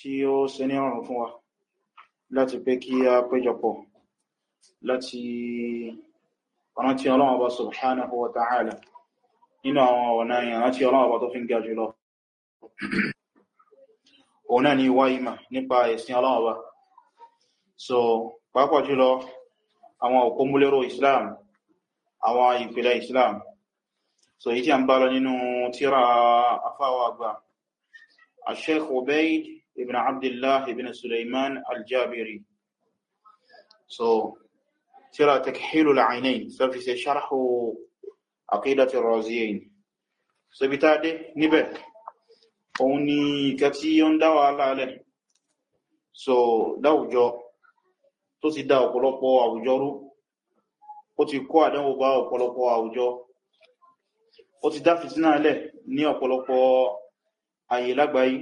tí ó ṣe ní ọ̀rùn fún wa láti pé kí a péjọpọ̀ láti rántí Ọlọ́run Ọba subhanahu wa ta'ala nínú àwọn ọ̀nà ìrántí Ọlọ́run Ọba tó fi ń ga jùlọ òun náà ni wá ìmà nípa ẹ̀sìn Ọlọ́run Ọba so pàápàá jùlọ àwọn òkúmúlérò Islam àwọn ìpìlẹ̀ Islam so èyí tí a ń bá lọ nínú tíra afáwà àgbà ibn abdullah ibn sulaiman al-jabiri so tírà takhhilu al-ainain so fi ṣe sharhu ar-raziyayn so bi ta de níbẹ̀ òun ni kati on da wa alale so láwùjọ tó ti dá ọ̀pọ̀lọpọ̀ àwùjọ rú ó ti kó àdánwò bá ọ̀pọ̀lọpọ̀ àwùjọ ó ti dá fìtínà lẹ̀ ní ọ̀pọ̀lọpọ̀ ayé lágbàáyé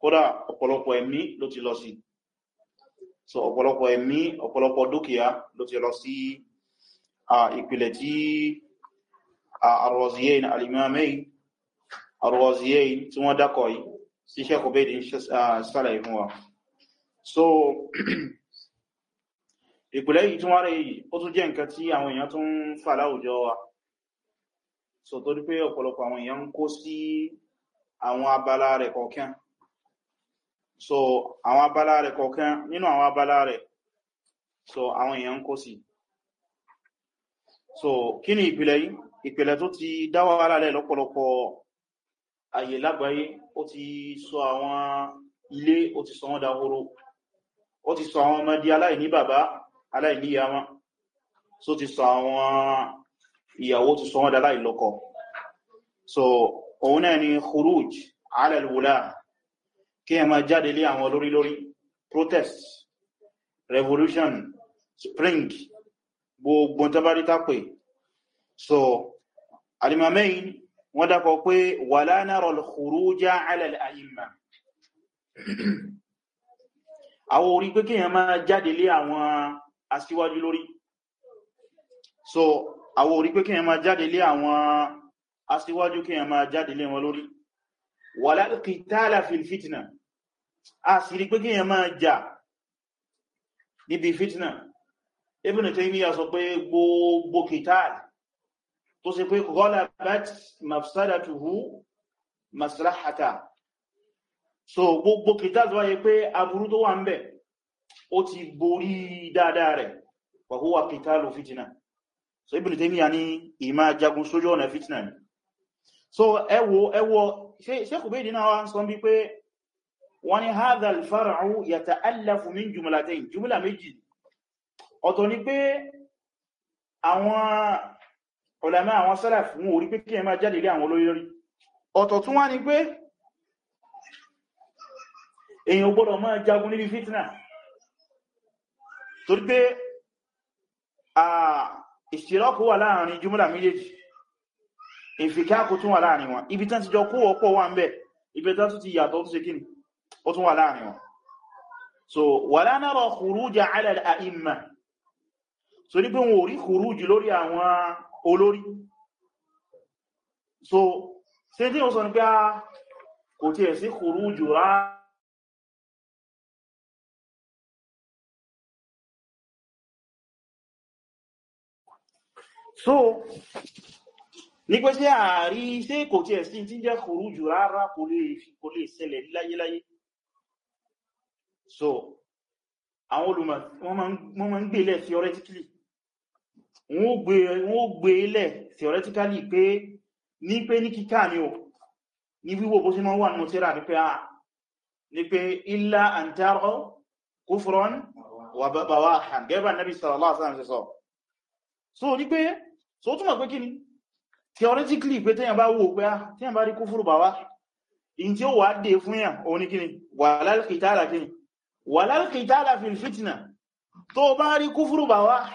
kódà ọ̀pọ̀lọpọ̀ ẹ̀mí ló ti lọ sí so ọ̀pọ̀lọpọ̀ ẹ̀mí ọ̀pọ̀lọpọ̀ dúkìá ló ti lọ sí ìpìlẹ̀ tí Ar-Raziyayn al-Imamayn Ar-Raziyayn tí wọ́n dákọ̀ yìí sí Sheikh Ubayd so ìpìlẹ̀ yìí tún wá rẹ̀ yìí ó tún jẹ́ nǹkan tí àwọn èèyàn tún fà láwùjọ wa so torí pé ọ̀pọ̀lọpọ̀ àwọn èèyàn ń kó sí àwọn abala rẹ̀ kọ̀ọ̀kan so àwọn abala rẹ̀ kọ̀ọ̀kan nínú àwọn abala rẹ̀ so àwọn èèyàn kó sí so kí ni ìpìlẹ̀ yìí ìpìlẹ̀ tó ti dáwà alálẹ̀ lọ́pọ̀lọpọ̀ ayè lágbàáyé ó ti sọ àwọn ilé ó ti sọ wọ́n dahoro ó ti sọ àwọn ọmọdé aláìní bàbá aláìní ìyá so ti sọ àwọn ìyàwó ti sọ wọ́n daláìlọ́kọ so òun náà ni khuruj ala kí ẹ máa jáde lé àwọn olórí lórí protest revolution spring gbogbo tabari tapẹ̀ so alimamain wọ́n dákọ̀ pé wala nara al-khuruja ala al-a'imma àwọn orí pé kíyàn máa jáde lé àwọn aṣíwájú lórí so àwọn orí pé kíyàn máa jáde lé àwọn aṣíwájú kíyàn máa jáde lé wọn lórí wala al-qitala fil a sì rí pé kíyàn máa jà níbi fitna Ibn Taymiyyah sọ pé gbogbo kìtàl tó sì pé ghalabat mafsadatuhu maslahata so gbogbo kìtàl tó wáyé pé aburú tó wà ń bẹ̀ ó ti borí dáadáa rẹ̀ wa kìtàlù fitna so Ibn Taymiyyah ní ìmá jagun sójú ọ̀nà fitna ni so ẹwọ ẹwọ ṣe kò bẹ́ ìdínà wa ń sọ bí pé wọ́n ní hadha al-far'u yata'allafu min jumlatayn jùmùlà méjì ọ̀tọ̀ ni pé àwọn ulama àwọn salaf wọn orí pé kí ẹ máa jáde lé àwọn olóyọrí ọ̀tọ̀ tún wá ni pé èyàn gbọ́dọ̀ máa jagun níbi fitna torí pé ìṣtìrọ́kù wà láàrin jùmùlà méjèèjì ìfìkákù tún wà láàrin wọn ibi tán ti jọ kó ọ̀pọ̀ wà ń bẹ̀ ibi tán ti yàtọ̀ tún ṣe kíni ó tún wà láàrin wọn so wala nara khuruja ala al so ní pé wọn ò rí khuruj lórí àwọn olórí so ṣe tí ó sọ ní pé a ah, kò tí ẹ̀ sí khuruj rárá so ní pé tí a rí ṣe kò tí ẹ̀ sí tí jẹ́ khuruj rárá kò lè ṣẹlẹ̀ láyéláyé so àwọn olùmọ̀ wọ́n ma ń gbé ilẹ̀ theoretically wọ́n ó gbé ilẹ̀ theoretically pé ní pé ní kíkà ni o ní wíwò bó sí mọ́ wà nínú tíra ní pé a ah, ní pé illa an tara kufran wà bawahan gẹ́bà nabi sallallahu alaihi wasallam so ní pé so túnmọ̀ pé theoretically pé tẹ́yàn bá wò pé a ah, tẹ́yàn bá rí kúfùrù bàwá in tí wà dé fún yàn òun ní kí wala qitala fil fitna tó bá rí kúfúrú bá wá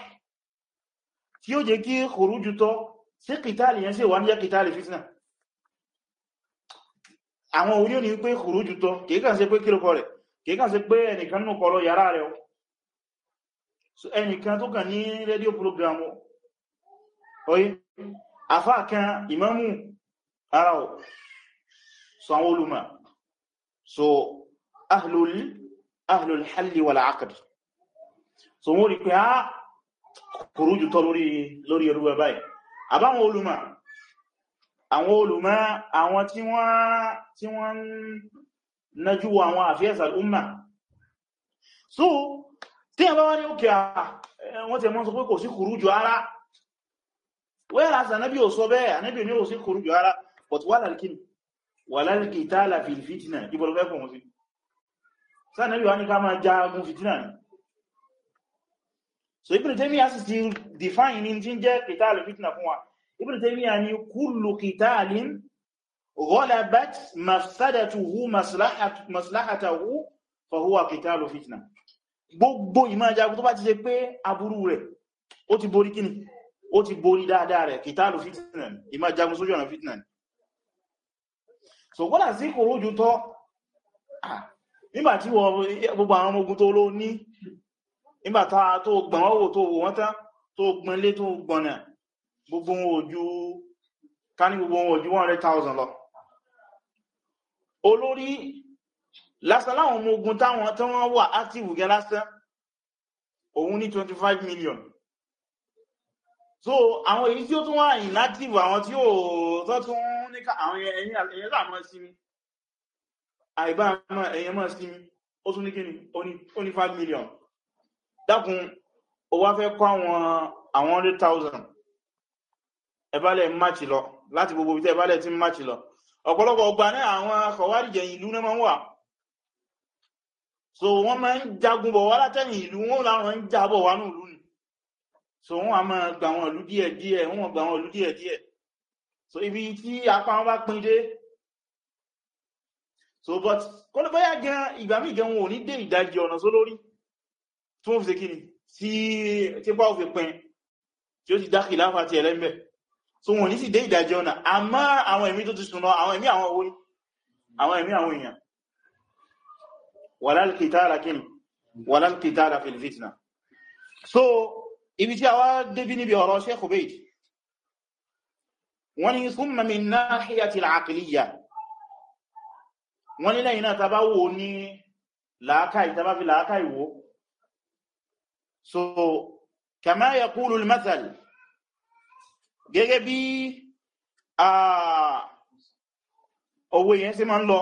tí ó jẹ́ kí khuruju tọ́ sí kìtàlì yẹn sí wà ní jẹ́ kìtàlì fitna àwọn orí ní pé khuruju tọ́ kìíkàn sí pé kílùkọ rẹ̀ kìíkàn sí pé ẹnìkan nù kọ̀rọ̀ yàrá rẹ̀ ẹnìkan tó kàn ní rédíò programu oye afá kan ìmámù ara so àwọn ahlul ahlul halli wal aqd so wọ́n rí pé á ah, kòrújù tọ́ lórí ẹrú ẹ báyìí àbáwọn olùmọ̀ àwọn olùmọ̀ àwọn tí wọ́n nájú àwọn àfíẹ́sà umma so tí a bá wá ní òkè àwọn tí a mọ́ sọ pé kò sí kòrújù ara wẹ́rà sànábí ò sọ bẹ́ẹ̀ ànábí ò ní ò sí kòrújù ara but wà lálkìtàlà fil fitna ìbọ̀lọ́fẹ́ fún wọn sí sánàbí wá ní ká máa já agun fìtínà ní so Ibn Taymiyyah sì ti define ní tí ń jẹ́ kìtàlù fìtínà fún wa Ibn Taymiyyah ní kullu qitalin ghalabat mafsadatuhu maslahatahu fa huwa kìtàlù fìtínà gbogbo ìmájagun tó bá ti ṣe pé aburú rẹ̀ ó ti borí kíni ó ti borí dáadáa rẹ̀ kìtàlù so wọ́n là sí kòrójú tọ́ ah, nígbàtí gbogbo àwọn ogun tó ló ní nígbàtá tó gbọ̀n ọwọ́ tó wò wọ́n tán tó gbọ́n lé tó gbọ̀nà gbogbo ojú ká ní gbogbo ojú 100,000 lọ olórí lásán láwọn ọmọ ogun táwọn tán wọ́n wà active gẹ lásán òun ní 25 million so àwọn èyí tí ó tún wà inactive àwọn tí ó tọ́ tún ní àwọn ẹ̀yìn àìbá àmà èyàn máa sí ó tún ní kíni ó ní 5 million dákun ó wá fẹ́ kọ́ àwọn 100,000 ẹbálẹ̀ máàchì lọ láti gbogbo ìtẹ́ ẹbálẹ̀ tí máàchì lọ ọ̀pọ̀lọpọ̀ ọgbà náà àwọn akọ̀wárìjẹ̀ ìlú náà máa ń wà so wọ́n máa ń jagun bọ̀ wá látẹ̀yìn ìlú wọ́n láwọn ń jábọ̀ wá ní ìlú ni so wọ́n a máa gbà wọn ìlú díẹ̀díẹ̀ wọ́n gbà wọn ìlú díẹ̀díẹ̀ so ibi tí apá wọn bá pín dé so but kọ́lọ̀ bóyá gan ìgbà mí gan wọn ò ní dé ìdajì ọ̀nà só lórí tí wọ́n fi ṣe kiri tí tí bá ò fi pin tí ó ti dá kìláfà ti so wọn ní sì dé ìdajì ọ̀nà àmá àwọn ẹ̀mí tó ti sùn náà àwọn ẹ̀mí àwọn owó àwọn ẹ̀mí àwọn èèyàn walal qitala so ibi tí a wá débí níbi ọ̀rọ̀ Sheikh Ubayd wọ́n ni thumma wọ́n nílẹ̀ iná tàbá wò ní làákàí tàbá fi làákàí wò so kama yaqulu al-mathal gẹ́gẹ́ bí owó yẹn sí ma ń lọ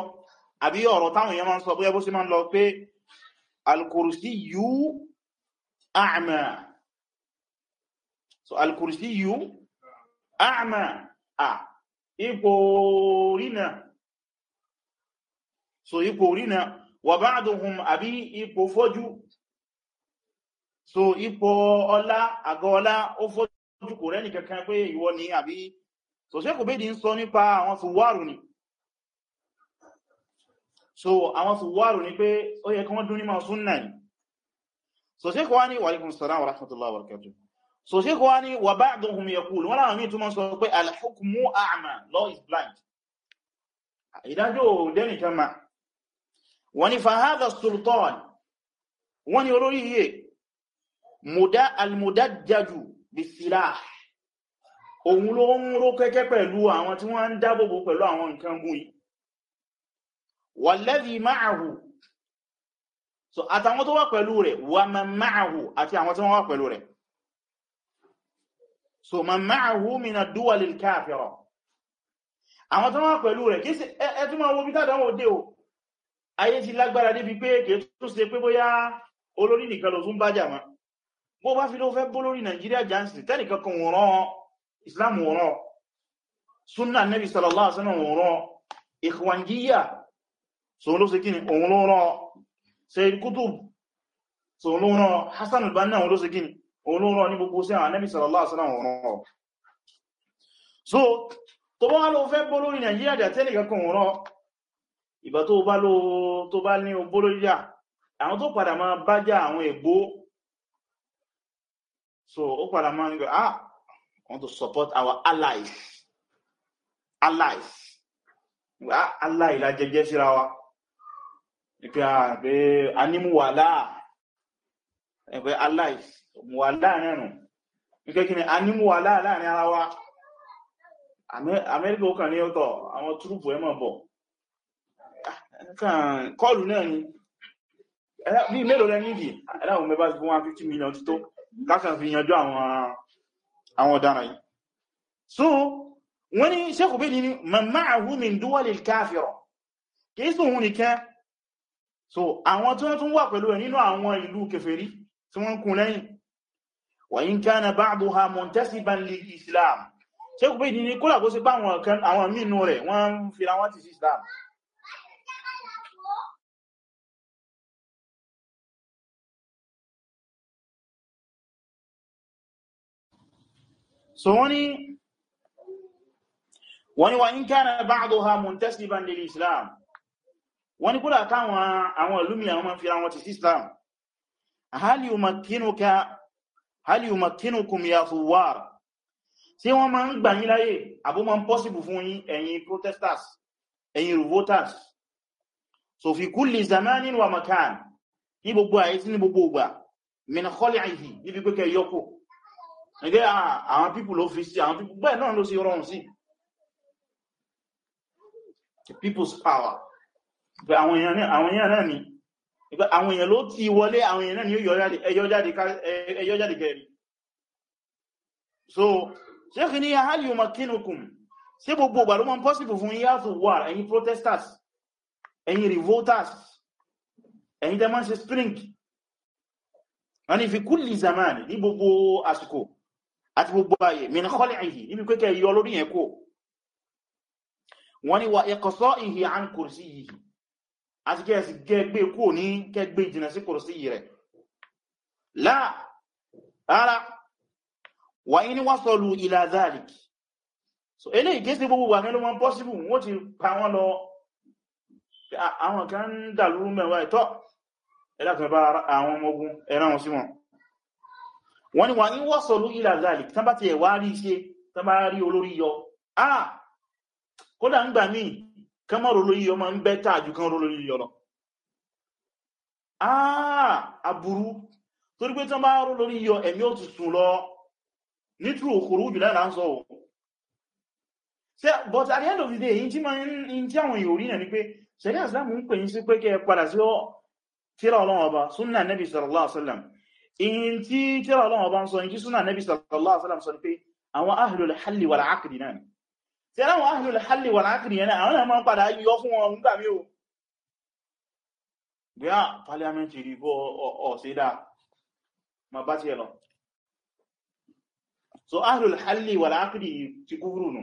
àbí ọ̀rọ̀ táwọn yẹn ma ń sọ bóyá bó sí ma ń lọ pé al-kursiyyu a'ma so al-kursiyyu a'ma à ipò rínà so ipò orina wa ba'duhum àbí ipò fọ́jú so ipò ọlá àgọ́ ọlá ó fọ́jú kò rẹ́nì kankan pé ìwọ ni àbí so ṣe kò béèdì ń sọ nípa àwọn fùwárù ni so àwọn fùwárù ni pé ó yẹ kí wọ́n dún ní máa súnnà ni so ṣe kò wá ní wa alaikum salaam so ṣe kò wá ní wa ba'duhum yaqulu wọ́n láwọn míì túnmọ̀ law is blind ìdájọ́ dẹ́nìkan máa wọ́n ni fahadha sultan wọ́n ni olórí yìí mọ̀dá almudajjaju bisilah òun ló ń ró kẹ́kẹ́ pẹ̀lú àwọn tí wọ́n ń dábòbò pẹ̀lú àwọn nǹkan gún yìí walladhi ma'ahu so àtàwọn tó wà pẹ̀lú rẹ̀ wa man àti àwọn tí wọ́n wà pẹ̀lú rẹ̀ so man ma'ahu min ad-duwal al àwọn tó wà pẹ̀lú rẹ̀ kí ẹ ayé ti lágbára níbi pé kìí tó ṣe pé bóyá olórí nìkan ló tún bá jà máa bó bá fi ló fẹ́ bó Nigeria jansi tẹ́nìkan kan Islam wòrán sunna Nabi sallallahu alaihi wasallam wòrán ikhwangiya so ló ṣe kí ni òun ló rán Hassan al-Banna òun ló ṣe ni òun Nabi sallallahu alaihi wasallam wòrán so tó bá ló fẹ́ bó lórí Nigeria tẹ́nìkan kan ìgbà tó bá ló tó bá ní ogbó lóríyà àwọn tó padà máa bá já àwọn ègbó so ó padà máa ń gbé ah want to support our allies allies ah allies la jẹjẹ síra wa ìpé àgbé ah, anímúwàlá ẹgbẹ́ allies múwàlá nẹ́nu ìpé kí ni anímúwàlá láàrin ara wa amẹ́ríkà ó kàn ní ọ̀tọ̀ àwọn túrùpù ẹmọ̀ bọ̀ kàn kọlù náà ni bí mélòó lẹ nídì ẹ̀láwọn mẹ́bá sí 150 million tító lákàn fi yanjú àwọn ọ̀daràn yìí so wọ́n ni sẹ́kù bí ní ma'ahu min duwalil káfírọ̀ kìí sùn hún nìkan so àwọn tí wọ́n tún wà pẹ̀lú ẹ̀ nínú àwọn ìlú kèfèrí tí wọ́n kún lẹ́yìn wa in kana ba'duha muntasiban lil islam sẹ́kù bí ní kúlà kó sí bá àwọn mínú rẹ̀ wọ́n fi ra ti sí islam so wọ́n ni wọ́n ni wà ní kana ba'duha muntasiban lil islam wọ́n ni kúrò káwọn àwọn ìlúmi àwọn ma fi ra wọn ti sí islam hal yumakkinuka hal yumakkinukum ya thuwar tí wọ́n ma ń gbà yín láyè àbó ma ń possible fún yín ẹ̀yin protesters ẹ̀yin revolters so fi kulli zamanin wa makan ní gbogbo àyíkí ní gbogbo ògbà min khali'ihi níbi pé kẹ ẹgbẹ́ ah, àwọn pípù ló fi sí àwọn pípù bẹ́ẹ̀ náà ló sì rọrùn sí people's power pé àwọn èèyàn náà ni pé àwọn èèyàn ló ti wọlé àwọn èèyàn náà ni ẹyọ jáde kẹrì so ṣékì ní hal yumakkinukum sí gbogbo ìgbà ló mọ́ possible fún yíyá to war ẹ̀yin protesters ẹ̀yin revolters ẹ̀yin tẹ́ máa ń ṣe spring wọ́n ni fi kulli zaman ní gbogbo àsìkò àti gbogbo ayè min khali'ihi níbi pé kẹ́ yọ lórí yẹn kó wọ́n ni wà iqsa'ihi an kursiyihi àti kẹ́ sì gẹ́gbé kó ní kẹ́gbé jìnà sí kursiyi rẹ̀ láà rárá wà in wasalu possible wọ́n ti pa wọ́n lọ àwọn kan dàlú mẹ́wàá ìtọ́ ẹlẹ́kùnrin bá àwọn wọ́n ni wà ní wọ́sọ̀lú ìlà zalik tán bá ti ẹ̀wà rí ṣe tán bá rí olórí yọ ah kódà ń gbà yọ ma ń bẹ́ tààjú kan olórí yọ lọ ah aburú torí pé tán bá rí yọ ẹ̀mí ó tuntun lọ nítru òkúrú jù lára ń sọ ò but at the end of the day yìí àwọn èèyàn orí náà ni pé sẹ́rí àsìlámù ń pè yín sí pé kẹ́ padà sí ọ́ tíra ọba in tí tírà Ọlọ́run bá ń sọ in tí súnà Nabi sallallahu alaihi wasallam sọ ní pé àwọn ahlul halli wal aqdi náà ni tí àwọn ahlul halli wal aqdi yẹn náà àwọn náà máa ń padà yọ fún wọn nígbà o bí parliament rí bó ma bá ti ẹ̀ lọ so ahlul halli wal aqdi ti kúrú nù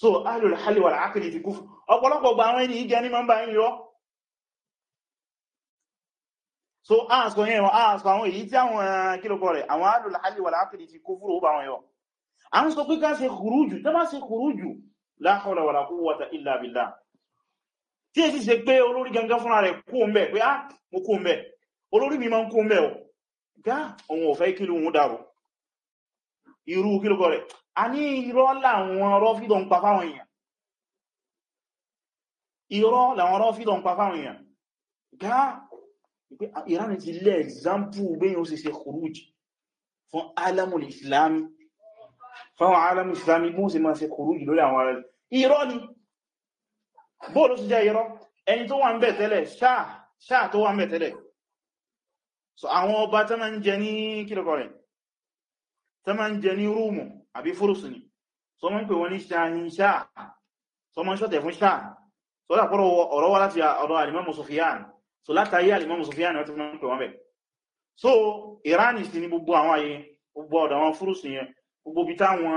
so ahlul halli wal aqdi ti kúrú ọ̀pọ̀lọpọ̀ gbà àwọn ẹni ìgẹ́ so aṣọ yẹn wọn aṣọ àwọn èyí tí àwọn kílòkọ rẹ̀ àwọn alùlàálì wà láàpìlì ti kó fúrò bá wọn yọ a ń sọ pé ká ṣe kùrújù tó bá ṣe kùrújù la hawla wala illa billah tí è sì ṣe pé olórí gangan fúnra rẹ̀ kú ń bẹ̀ pé á ah, mo kú ń bẹ̀ olórí mi máa ń kú ń bẹ̀ o gá òun ò fẹ́ kí lóhun gá pé ah, Iran ti lẹ́ example bẹ́yìn ó sì ṣe khuruj fún alamul islami fún alamul islami bó sì máa ṣe khuruj lórí àwọn ará irọ́ ni bó ló sì jẹ́ irọ́ ẹni tó wà ń bẹ̀ tẹ́lẹ̀ ṣáà tó wà ń bẹ̀ tẹ́lẹ̀ so àwọn ọba tó máa ń jẹ ní kílọ̀kọ̀ rẹ̀ tó ń jẹ ní so mọ́ ń pè so mọ́ ń ṣọ́tẹ̀ fún ṣáà so lápọ̀rọ̀ ọ̀rọ̀ so látàrí alìmọ́mù Sufyan wọ́n ti fún pẹ̀ bẹ̀ so Iran ti ní gbogbo àwọn ayé gbogbo ọ̀dọ̀ àwọn fúrùsù yẹn gbogbo bí táwọn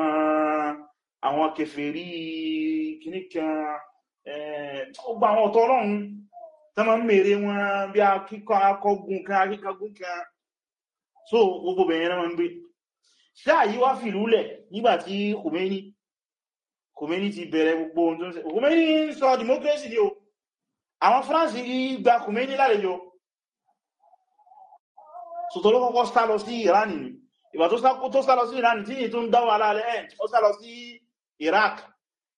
àwọn kèfèrí kìníkan ọgbà àwọn ọ̀tọ̀ ọlọ́run tó máa so gbogbo bẹ̀yẹn náà ń gbé ṣáà yí wá fìlú lẹ̀ nígbàtí Khomeini Khomeini ti bẹ̀rẹ̀ gbogbo ohun tó ń ṣe Khomeini sọ democracy ni o àwọn France yí gba Khomeini lálejò so tó ló kọ́kọ́ sá lọ sí Iran ni ìgbà tó sá lọ sí Iran tí ní tó ń dáwọ́ alálẹ̀ ẹ̀ ó sá lọ sí Iraq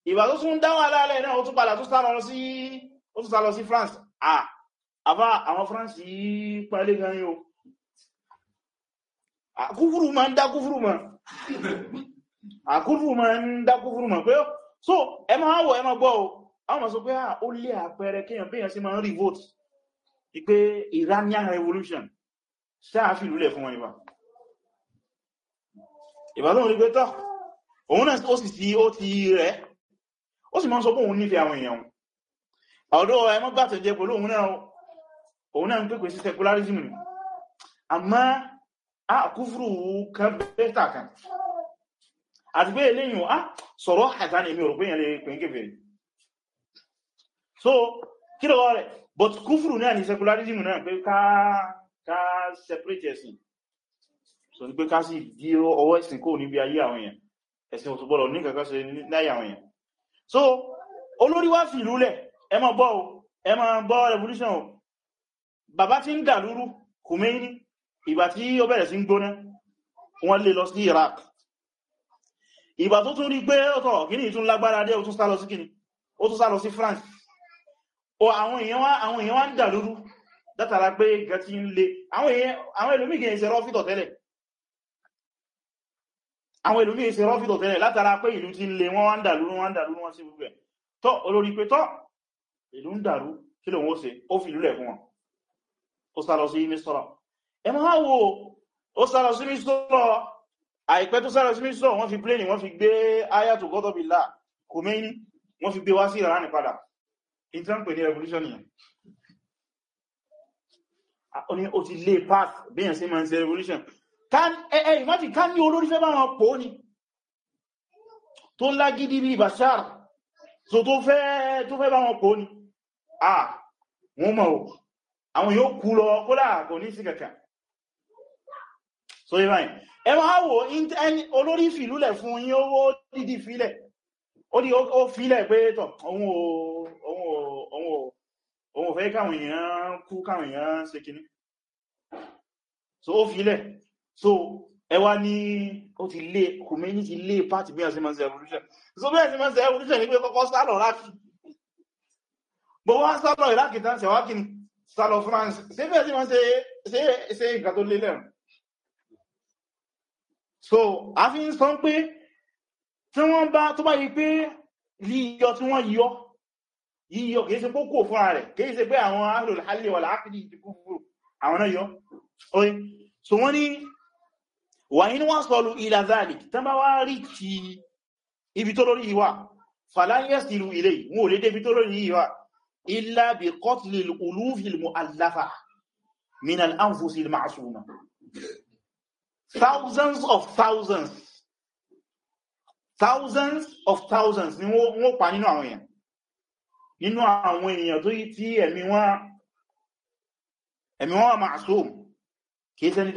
ìgbà tó tún dáwọ́ alálẹ̀ náà ó tún padà tó sá lọ sí France ah àbá àwọn France yí palé gan yóò kúfúrú ma ń dá kúfúrú ma àkúfúrú ma ń dá kúfúrú ma pé so ẹ máa wọ ẹ máa gbọ́ àwọn ma sọ pé ah, ó lé àpẹẹrẹ kíyàn bíyàn sí ma ń revolt ipé Iranian revolution sáàfì lúlẹ̀ fún wọn ìbá ìbálòun rí pé tọ́ òun náà ó sì sí ó ti rẹ̀ ó sì ma ń sọ pé òun nífẹ̀ẹ́ àwọn èèyàn ọ̀dọ́ ẹmọ́ bá tẹ̀ jẹ́ pẹ̀lú òun náà òun náà ń pèpè sí secularism ni àmọ́ àkúfúrú kan bẹ́tà kan àti pé eléyìn á sọ̀rọ̀ àtàn èmi òròpéyàn so kí lọ́wọ́ rẹ̀ but kúfùrù náà ni secularism náà pé ká ká separate ẹ̀sìn so ní pé ká sì dí ọwọ́ ẹ̀sìn kó níbi ayé àwọn èèyàn ẹ̀sìn òtúbọ̀lọ̀ ní kankan ṣe láyé àwọn èèyàn so olórí wá fi ìlúlẹ̀ ẹ má bọ́ o ẹ bọ́ revolution o bàbá tí ń dà lúrú Khomeini ìgbà tí ó bẹ̀rẹ̀ sí ń gbóná wọ́n lè lọ sí Iraq ìgbà tó tún rí pé ọ̀tọ̀ kìíní tún lágbára dé ó tún sá lọ sí kìíní ó tún sá lọ sí France àwọn èèyàn wá ń dà lúrú látara pé gẹ̀tí ń lè àwọn ẹlòmíì ìṣẹ́ rọ́fìtọ̀ tẹ́lẹ̀ látara pé ìlú ti ń lè wọ́n wá ń dà lúrú wọ́n ń dà lúrú wọ́n sí gbogbo ẹ̀ tọ́ olórí pé tọ́ ìlú ń dàrú kí lòun ó ṣe ó fi ìlú lẹ̀ fún wọn ó sá wọ́n fi gbé wá sí Iran padà in tí wọ́n pè ní revolution yẹn ó ní ó ti lé path bíyàn sí ma ń ṣe revolution ẹ̀ẹ́ ìmájì ká ní olórí fẹ́ bá wọn pò ní tó ńlá gidi bí Bashar so tó fẹ́ bá wọn pò ní à wọ́n mọ̀ ò àwọn yóò kú lọ kólà kò ní sí kàkà so ìbáyìn ẹ máa wò olórí fìlúlẹ̀ fún yín ó dídí fílẹ̀ ó fílẹ̀ pé tọ̀ òun fẹ́ káwọn èèyàn kú káwọn èèyàn ṣe kíní so ó fi ilẹ̀ so ẹwà ní ó ti lé kùmẹ́ni ti lé pàtì bí ẹ̀sìn mọ́sí revolution so bí ẹ̀sìn mọ́sí revolution ní pé kọ́kọ́ sálọ̀ láti gbogbo wá sálọ̀ ìrákì tán so a fi ń sọ pé tí wọ́n bá tó bá yí pé líyọ tí wọ́n yọ yíyọ kìí ṣe kókò fúnra rẹ̀ kìí ṣe pé àwọn ahlul halli wal aqdi ti kú fúrú àwọn náà yọ oye so wọ́n ni wà ní wọ́n sọlù ila zalik tán bá wá rí kí ibi tó lórí ìwà falayasiru ilé thousands of thousands thousands of thousands ni wọ́n pa nínú àwọn èèyàn nínú àwọn èèyàn tó tí ẹ̀mí wọn ma'asum kìí sẹni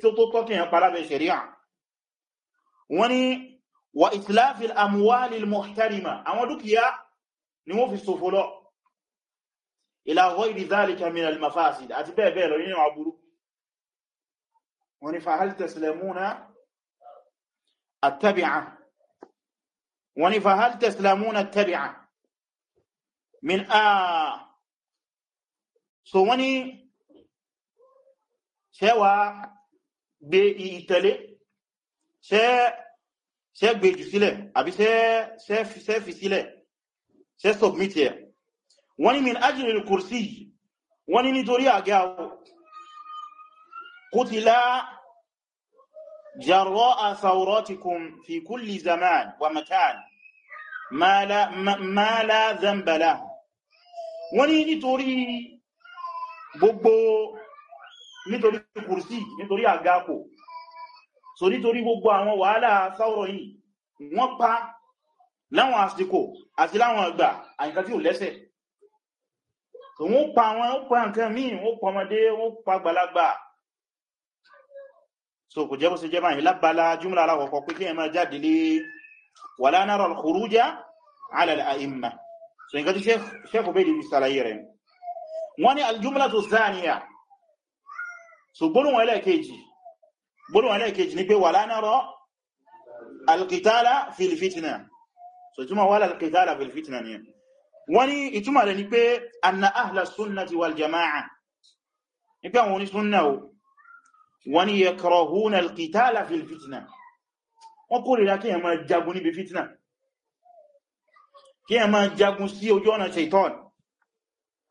tó tó tọ́kì yẹn palábẹ̀ ṣẹ̀ríà wọ́n ni wa itlafil amwalil muhtarima àwọn dúkìá ni wọ́n fi sòfò lọ ila ghayri dhalika min al mafasid àti bẹ́ẹ̀ bẹ́ẹ̀ lọ min a so wani ṣe wa gbe ìtẹ̀lé ṣe gbe jù sílẹ̀ àbí ṣe fi sílẹ̀ ṣe submit ẹ̀ wọ́n ni min ajiyar kùrsí wọ́n ni nítorí àgá kutila jarra'a thawratikum fi kulli zaman wa makan ma la dhanba lahu wọ́n ní nítorí gbogbo nítorí kùrsí nítorí àgápò so nítorí gbogbo àwọn wàhálà sáwọ̀rọ̀ yìí wọ́n pa láwọn àsìkò àti láwọn ìgbà àyíká tí ò lẹ́sẹ̀ so wọ́n pa àwọn ó pa nǹkan míì wọ́n pa ọmọdé wọ́n pa gbàlagbà so kò jẹ́ bó ṣe jẹ́ báyìí lábala jùmọ́lá wala nara al-khuruja ala al-a'imma so nǹkan tí sheikh obedi bí ṣàlàyé rẹ̀ wọ́n ní al-jumlatu thaniya so gbólóhùn ẹlẹ́ẹ̀kejì gbólóhùn ẹlẹ́ẹ̀kejì ni pé wala nara al-qitala fil fitna so ìtumọ̀ wala al-qitala fil fitna ni wọ́n ní ìtumọ̀ rẹ̀ ni pé anna ahla sunnati wal jama'a ni pé àwọn onísúnnà wọ́n ní yakrahuna al fil fitna wọ́n kórìíra kí ẹ máa jagun níbi fitna kí ẹ máa jagun sí ojú ọ̀nà shaitan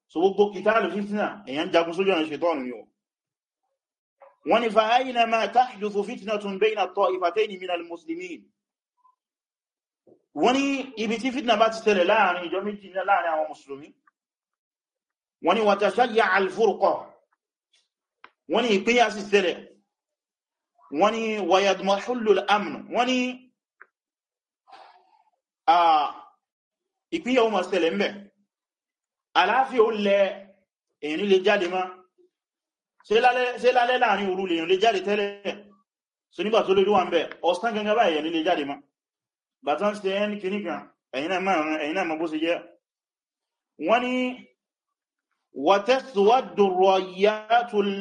so gbogbo kìtàlù fitna èyàn jagun sójú ọ̀nà shaitan ni o wọ́n ni fa'ayina ma tahduthu fitnatun bayna ta'ifataini minal muslimin wọ́n ni ibi tí fitna bá ti tẹ̀lẹ̀ láàrin ìjọ wọ́n ni wayadmahulul amnu wọ́n ni a ìpínyà o ma ṣẹlẹ̀ mẹ́ aláàfíà ó lẹ èyàn lè jáde má ṣe lálẹ́ láàrin òru lèyàn lè jáde tẹ́lẹ̀ so nígbà tó lórí wà ń bẹ̀ ọ̀sán gangan báyìí èyàn lè jáde má bàtán ṣe ẹni kìnnìkan ẹ̀yìn náà mọ́ bó ṣe jẹ́ wọ́n ni wàtẹ́sùwádùrọ̀ yàtùl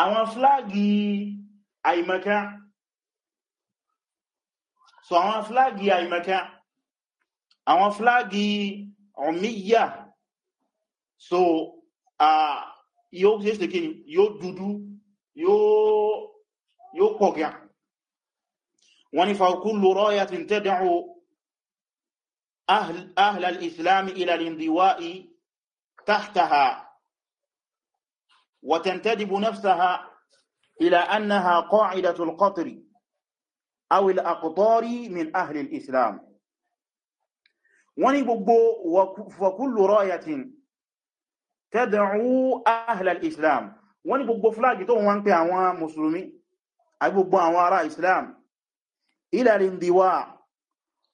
àwọn fláàgì àìmọ̀ká so àwọn fláàgì àìmọ̀ká àwọn fláàgì ọ̀míyà so yóò ṣe ṣe kíni yóò dúdú yóò pọ̀gá wọ́n ni fàkúlù rọ́yà tí tẹ́dẹ̀ọ́ ahlal islami ilalin diwa'i tahtaha وتنتدب نفسها إلى أنها قاعدة القطر أو الأقطار من أهل الإسلام وكل راية تدعو أهل الإسلام فلاك فلاج طوان كعوان مسلمي أبب وراء إسلام إلى الاندواء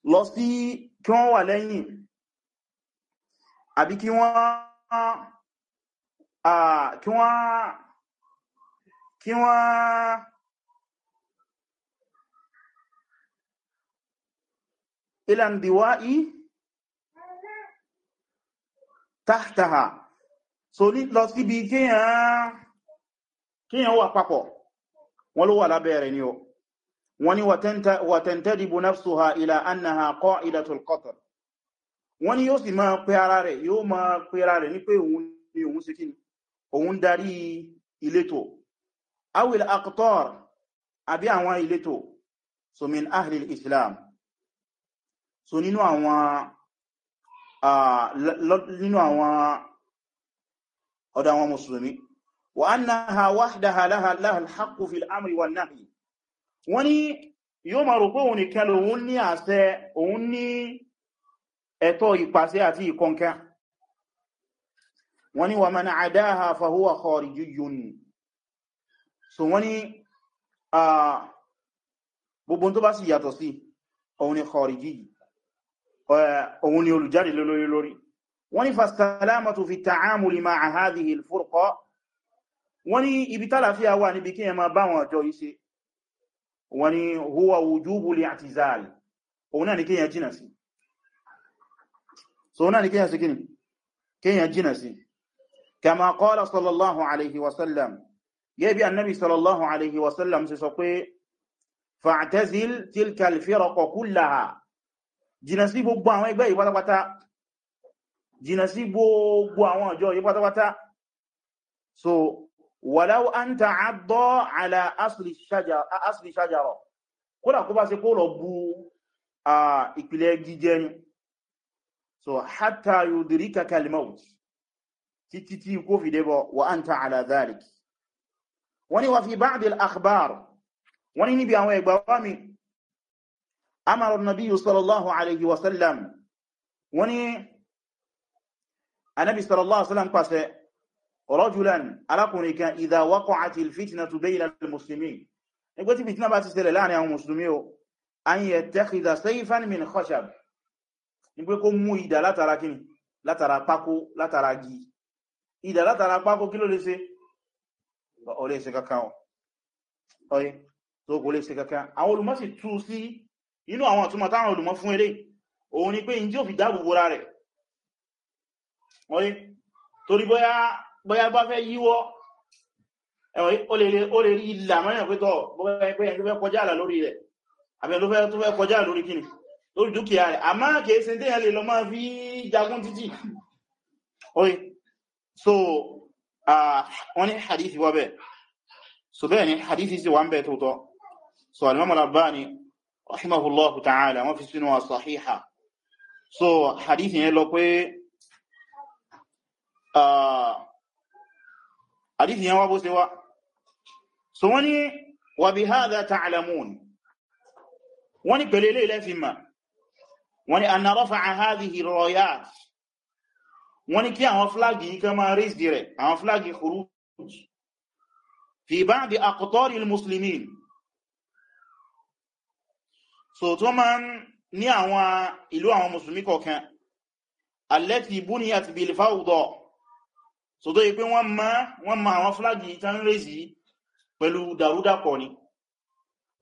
لصي كون وليني أبي كون kí wọ́n kí wọ́n ilandiwa'i tahtaha so ní lọ síbi kíyàn wà papọ̀ wọ́n ló wà lábẹ́rẹ̀ ni o wọ́n ni wàtẹ́ntẹ́dìbò nafsuha ila annaha qa'idatul qatl wọ́n ni yóò sì máa pé ara rẹ̀ yóò máa pé ara rẹ̀ ní pé òun ni òun ṣe kíni òun darí ìletò awil aqtar àbí àwọn ìletò so min ahli islam so nínú àwọn nínú àwọn ọ̀dọ̀ àwọn musulmi wa annaha wahdaha laha laha alhaqqu fil amri wan nahyi wani yóò ma rògbó òun nìkan lòun ní àṣẹ òun ní ẹ̀tọ́ ìpàṣẹ àti wọ́n ní wa man adaha fahuwa kharijiyyun so wọ́n ní gbogbo tó bá sì yàtọ̀ sí òun ni khariji òun ni olùjáde lórí lórí wọ́n ní fasalamatu fi ta'amuli ma'a hadhihi al-furqa wọ́n ní ibi tálàfíà wà níbi kí ẹ ma ọjọ́ iṣẹ́ wọ́n ní huwa wujubu li'tizal òun ni kíyàn jìnà sí so jìnà sí كما قال صلى الله عليه وسلم يبي النبي صلى الله عليه وسلم سيسوكي فاعتزل تلك الفرق كلها جنسي بوبو àwọn ẹgbẹ́ ìpátápátá جنسي بوبو àwọn ọjọ́ ìpátápátá so ولو ان تعضى على أصل الشجره اصل الشجره kódà kó bá ṣe kó lọ so حتى yudrikaka al títí tí kó fi débọ̀ wa anta ala dhalik wọ́n ni wà fi ba'd al-akhbar wọ́n ni níbi àwọn ẹgbà wá mi amara nabi sallallahu alaihi wasallam wọ́n ni anabi sallallahu alaihi wasallam pàṣẹ rajulan alákùnrin kan idha waqa'ati al-fitnatu bayna al-muslimin nígbẹ́ tí fitna bá ti ṣẹlẹ̀ láàrin àwọn musulmi o an yattakhidha sayfan min khashab nígbẹ́ kó mú ìdà látara kíni látara pákó látara gi ìdà látara pákó kí ló lè ṣe ó lè ṣe kankan ọ̀yẹ́ tó kò lè ṣe kankan àwọn olùmọ̀ sì tú sí inú àwọn àtúmọ̀ táwọn olùmọ̀ fún eré òun ni pé in jí ò fi dáàbòbò ra rẹ̀ ọ̀yẹ́ torí bóyá bóyá bá fẹ́ yíwọ́ ẹ̀wọ̀n ó lè rí ìlà mẹ́rin pé tọ́ bóyá ẹgbẹ́ ẹni tó fẹ́ kọjá àlà lórí rẹ̀ àbí ẹni tó fẹ́ kọjá lórí kíni lórí dúkìá rẹ̀ àmá kèé sin téèyàn lè lọ máa fi jagun títì ọ̀yẹ́ so uh, wọ́n ní hadithi wà bẹ́ẹ̀ so bẹ́ẹ̀ ni hadithi sí wà ń bẹ́ẹ̀ so al-Imam al-Albani rahimahullahu ta'ala wọ́n fi sínú wa sahiha so hadithi yẹn lọ pé hadithi yẹn wá bó ṣe wá so wọ́n ní wa bi hadha ta'lamun wọ́n ní pẹ̀lẹ̀ ilẹ̀ fi ma wọ́n ní anna wọ́n ní kí àwọn flag yìí kan máa raise dirẹ̀ àwọn flag khuruj fi ba'di aqtari al-muslimin so tó máa ń ní àwọn ìlú àwọn musulmi kọ̀ọ̀kan allati buniyat bil fawda so tó yí pé wọ́n ma wọ́n ma àwọn flag yìí tán raise pẹ̀lú dàrúdàpọ̀ ni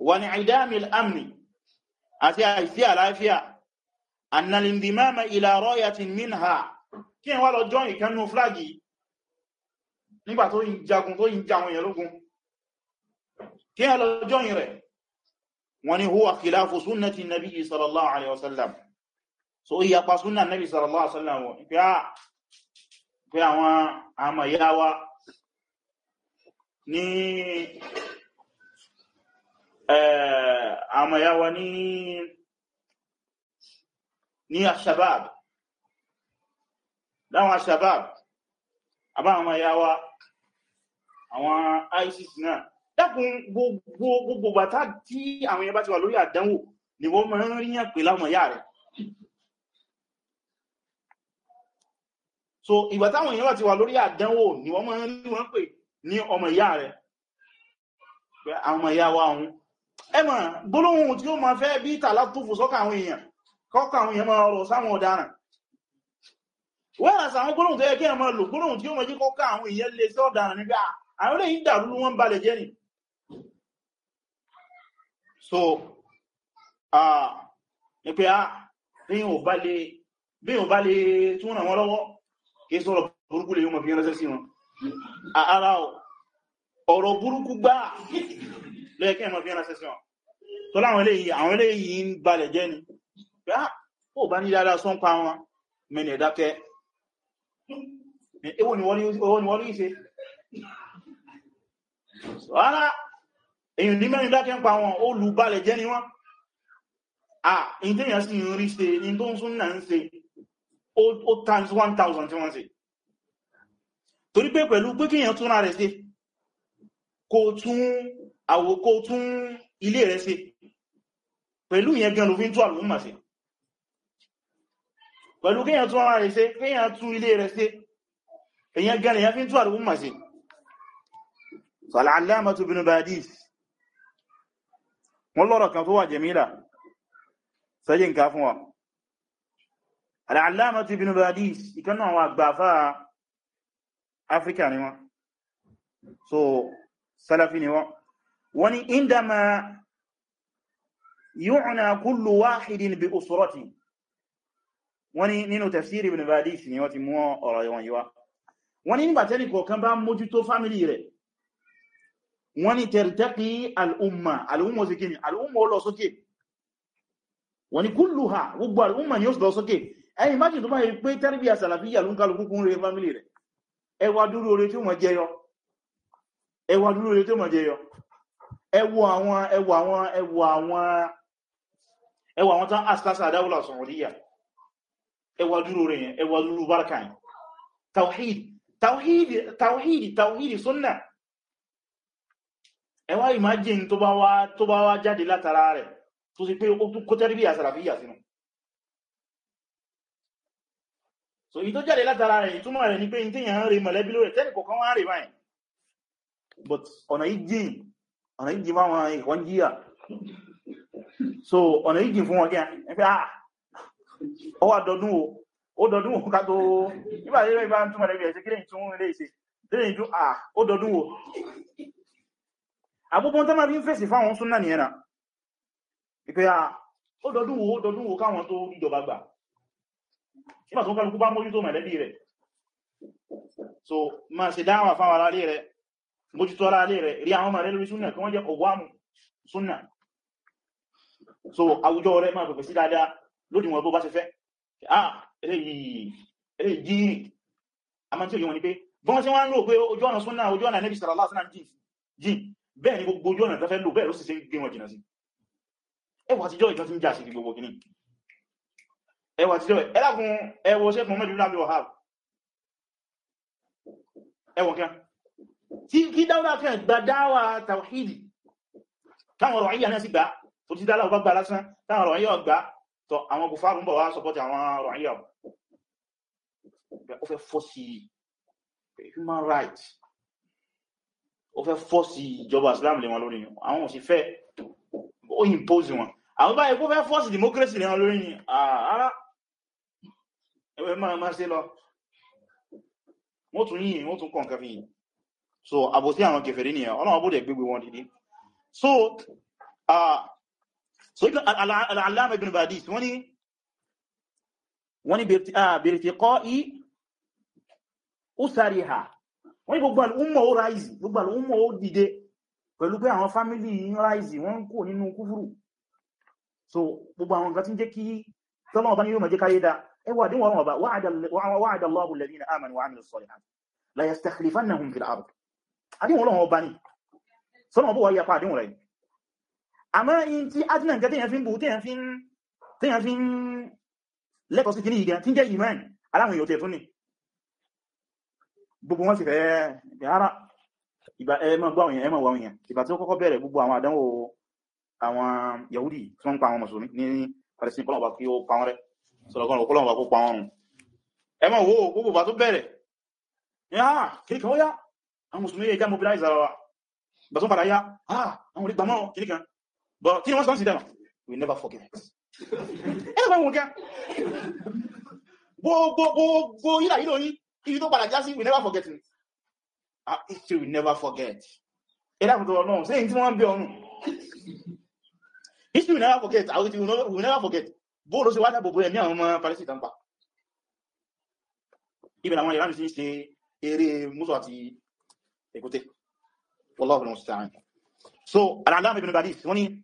wa ni idamil amni àti àìsí àlàáfíà annal indimama ila rayatin kí ẹ wá lọ join ìkẹ́nu flag nígbà tó ń jagun tó ń jawọn èèyàn lógun kí ẹ lọ join rẹ̀ wọ́n ni huwa khilafu sunnati nabi sallallahu alaihi wasallam so ìyapa sunna nabi sallallahu alaihi wasallam ah, pé àwọn àmàyáwa ní àmàyáwa ní ní láwọn shabab àbá àwọn yawa àwọn ISIS náà dákun gbogbo bàtà tí àwọn ẹbá ti wà lórí àdánwò ni wọ́n máa ń ríyàn pè láwọn yà rẹ̀ so ìgbà táwọn èèyàn láti wà lórí àdánwò ni wọ́n máa ń rí wọ́n pè ní ọmọ ìyá rẹ̀ pé àwọn ìyá wa òun ẹmọ̀ tí ó máa fẹ́ bí tàlátúfù sọ́kà àwọn èèyàn kọ́kà àwọn èèyàn máa rọ̀ sáwọn ọ̀daràn whereas àwọn gbólóhùn tó yẹ kí ẹ máa lò gbólóhùn tí ó mọ̀jí kọ́kọ́ àwọn èèyàn lè sọ ọ̀daràn nígbà àwọn olè yìí dàrú wọn balẹ̀ jẹ́ ni so ní pé a bíyàn ò bá lè tún ràn wọ́n lọ́wọ́ kí sọ́rọ̀ burúkú lè yíò mọ̀ fi ránṣẹ́ sí wọn ara ọ̀rọ̀ burúkú gbá lẹ́ẹ̀kẹ́ mọ̀ fi sí wọn tó láwọn ewo ni wọ́n ní ṣe rárá èyàn ní mẹ́rin dákẹ́ ń pa wọn olùbalẹ̀ jẹ́ ni wọ́n à in tí èyàn sì ń rí ṣe in tó ń sún náà ń ṣe ó times 1000 tí wọ́n ṣe torí pé pẹ̀lú pé kíyàn tún rẹ̀ ṣe kó tún àwòkó tún ilé rẹ̀ ṣe pẹ̀lú ìyẹn gan ló fi ń tó àlùmọ̀ pẹ̀lú kíyàn tún ara rẹ̀ ṣe kíyàn tún ilé rẹ̀ ṣe èyàn gan èyàn fi ń tún àdúgbò mà ṣe Al-Allamah Ibn Badis wọ́n lọ́rọ̀ kan tó wà jẹ́mílà sẹ́yìn ká fún wa Al-Allamah Badis ìkan wà gbàfà Áfíríkà ni wọ́n so salafi ni wọ́n wọ́n ni indama yu'na kullu wahidin bi usrati wọ́n ní nínú tafsir ibn badis ni wọ́n ti mú ọ̀rọ̀ ìwọ̀n yíwá wọ́n ní nígbà tẹ́nì kọ̀ọ̀kan bá mójútó fámílì rẹ̀ wọ́n ní tẹ̀rìtẹ́kì al'umma al'umma sí kíni al'umma ó lọ sókè wọ́n ní kulluha gbogbo al'umma ni ó lọ sókè ẹni májì tó bá yẹ pé tẹ́rìbíyà sàlàfíyà ló ń kálukú kún rẹ̀ fámílì rẹ̀ ẹwà àwọn ẹwọ àwọn ẹwọ àwọn ẹwọ ẹwà dúró rẹ̀ yẹn ẹwà dúró bárakà yẹn tawhid tawhid tawhid tawhid sunna ẹwà imagine tó bá wá tó bá wá jáde látara rẹ̀ tó sì pé kó tẹ́rí bí àsàràfíyà sínú so ìtó jáde látara rẹ̀ ìtumọ̀ rẹ̀ ní pé ní tíyàn rí mọ̀lẹ́bí lórí tẹ́lì kọ̀kan wá rí báyìí but ọ̀nà ìjìn ọ̀nà ìjìn máa wọn ìwọ́n jíyà so ọ̀nà ìjìn fún wọn kí ó wà dọdún o ó dọdún o ká tó nígbà tí ìbá ń túnmọ̀ lẹ́bí ẹ̀ṣẹ́ kílẹ̀ ìtún ilé ìṣẹ́ lẹ́yìn ìjú à ó dọdún o àgbógbó tó máa fi ń fèsì fáwọn nìyẹn ìpé à ó dọdún o dọdún o káwọn tó ìjọba gbà nígbà tó kálukú bá mójútó rẹ̀ so ma ṣe dáwà fáwọn rẹ̀ mójútó rẹ̀ rí àwọn ọmọ rẹ̀ lórí súnnà kí wọ́n jẹ́ àmù súnnà so àwùjọ rẹ̀ máa pẹ̀pẹ̀ sí dáadáa lórí wọn bó bá ṣe fẹ́ ah, bẹ́ẹ̀ ni gbogbo ojú ọ̀nà tó fẹ́ lò bẹ́ẹ̀ ló sì ṣe gbé wọn jìnà sí ẹwà àtijọ́ ìjọ tí ń jà sí gbogbo kìíní ẹwà àtijọ́ ẹlágun ẹwọ ṣẹ́kùn mẹ́rin lábí ọ̀há ẹwọ kí tí kí dáwà kan gba dáwà tàwíìdì táwọn ọ̀rọ̀ ayé náà sì gbá tó ti dáwà bá gbá lásán táwọn ọ̀rọ̀ ayé ọgbà so àwọn kòfàrún bọ̀ wá sọpọ́tì àwọn rọ̀nyà ó fẹ́ fọ́ human rights ó fẹ́ fọ́ sí ìjọba Islam lè wọn lórí ni àwọn ò sì fẹ́ ó impose wọn àwọn báyìí kó fẹ́ fọ́ sí democracy lè wọn lórí ni ààrá ẹgbẹ́ máa máa ṣe lọ wọ́n tún yìnyìn wọ́n tún kọ̀ǹkan fi yìnyìn so àbòsí àwọn kèfèrí nìyẹn ọlọ́wọ́ bó dẹ̀ gbégbé wọn dìde so uh, so al'alama ibn badis wani wani birtiqa'i ah, usariha wani gbogbo al'umma o raizi gbogbo al'umma o dìde pẹ̀lú pé àwọn fámílì yìí raizi wọ́n kò nínú kúfúrù so gbogbo àwọn nǹkan tí ń jẹ́ kí tọ́lọ́ ọba ní yóò mọ̀jẹ́ káyé dá ẹwà dín wọ́n ọba wa'ada Allahu alladhina amanu wa 'amilus salihati la yastakhlifannahum fil ard àmọ́ in tí adínà nǹkan tíyàn fi ń bú tíyàn fi ń lẹ́kọ̀ọ́ sí kìíní ìgẹn tí jẹ́ iman aláwọn èèyàn tẹ̀ tún ní gbogbo wọn sì fẹ́ ara ìgbà ẹmọ gbọ́ àwòyàn ẹmọ wàwòyàn ìgbà tí ó kọ́kọ́ bẹ̀rẹ̀ Yahudi tí wọ́n ń pa àwọn mùsùlùmí ní Palestine kọ́lọ̀wà kí ó pa wọn rẹ̀ sọ̀rọ̀kọ́lọ̀ kọ́lọ̀wà kó pa wọn rùn ẹmọ wo gbogbo bá tó bẹ̀rẹ̀ ní ah, àà mobilize ara wa bàtún padà yá àà ah, àwọn orí gbàmọ́ But you know what's done We never forget. Everyone will get. Bo, bo, bo, bo, you know, you know, if you don't want to we never forget it. Ah, it will never forget. It happened to our Say, it won't be on. History will never forget. I will, never, will never forget. Bo, those who are not bobo, and young man, Palestine, Tampa. Even I want you to say, Ere, Muswati, Ekote. Wallahu al-Musta'an. So, Al-Alam ibn Badis, when he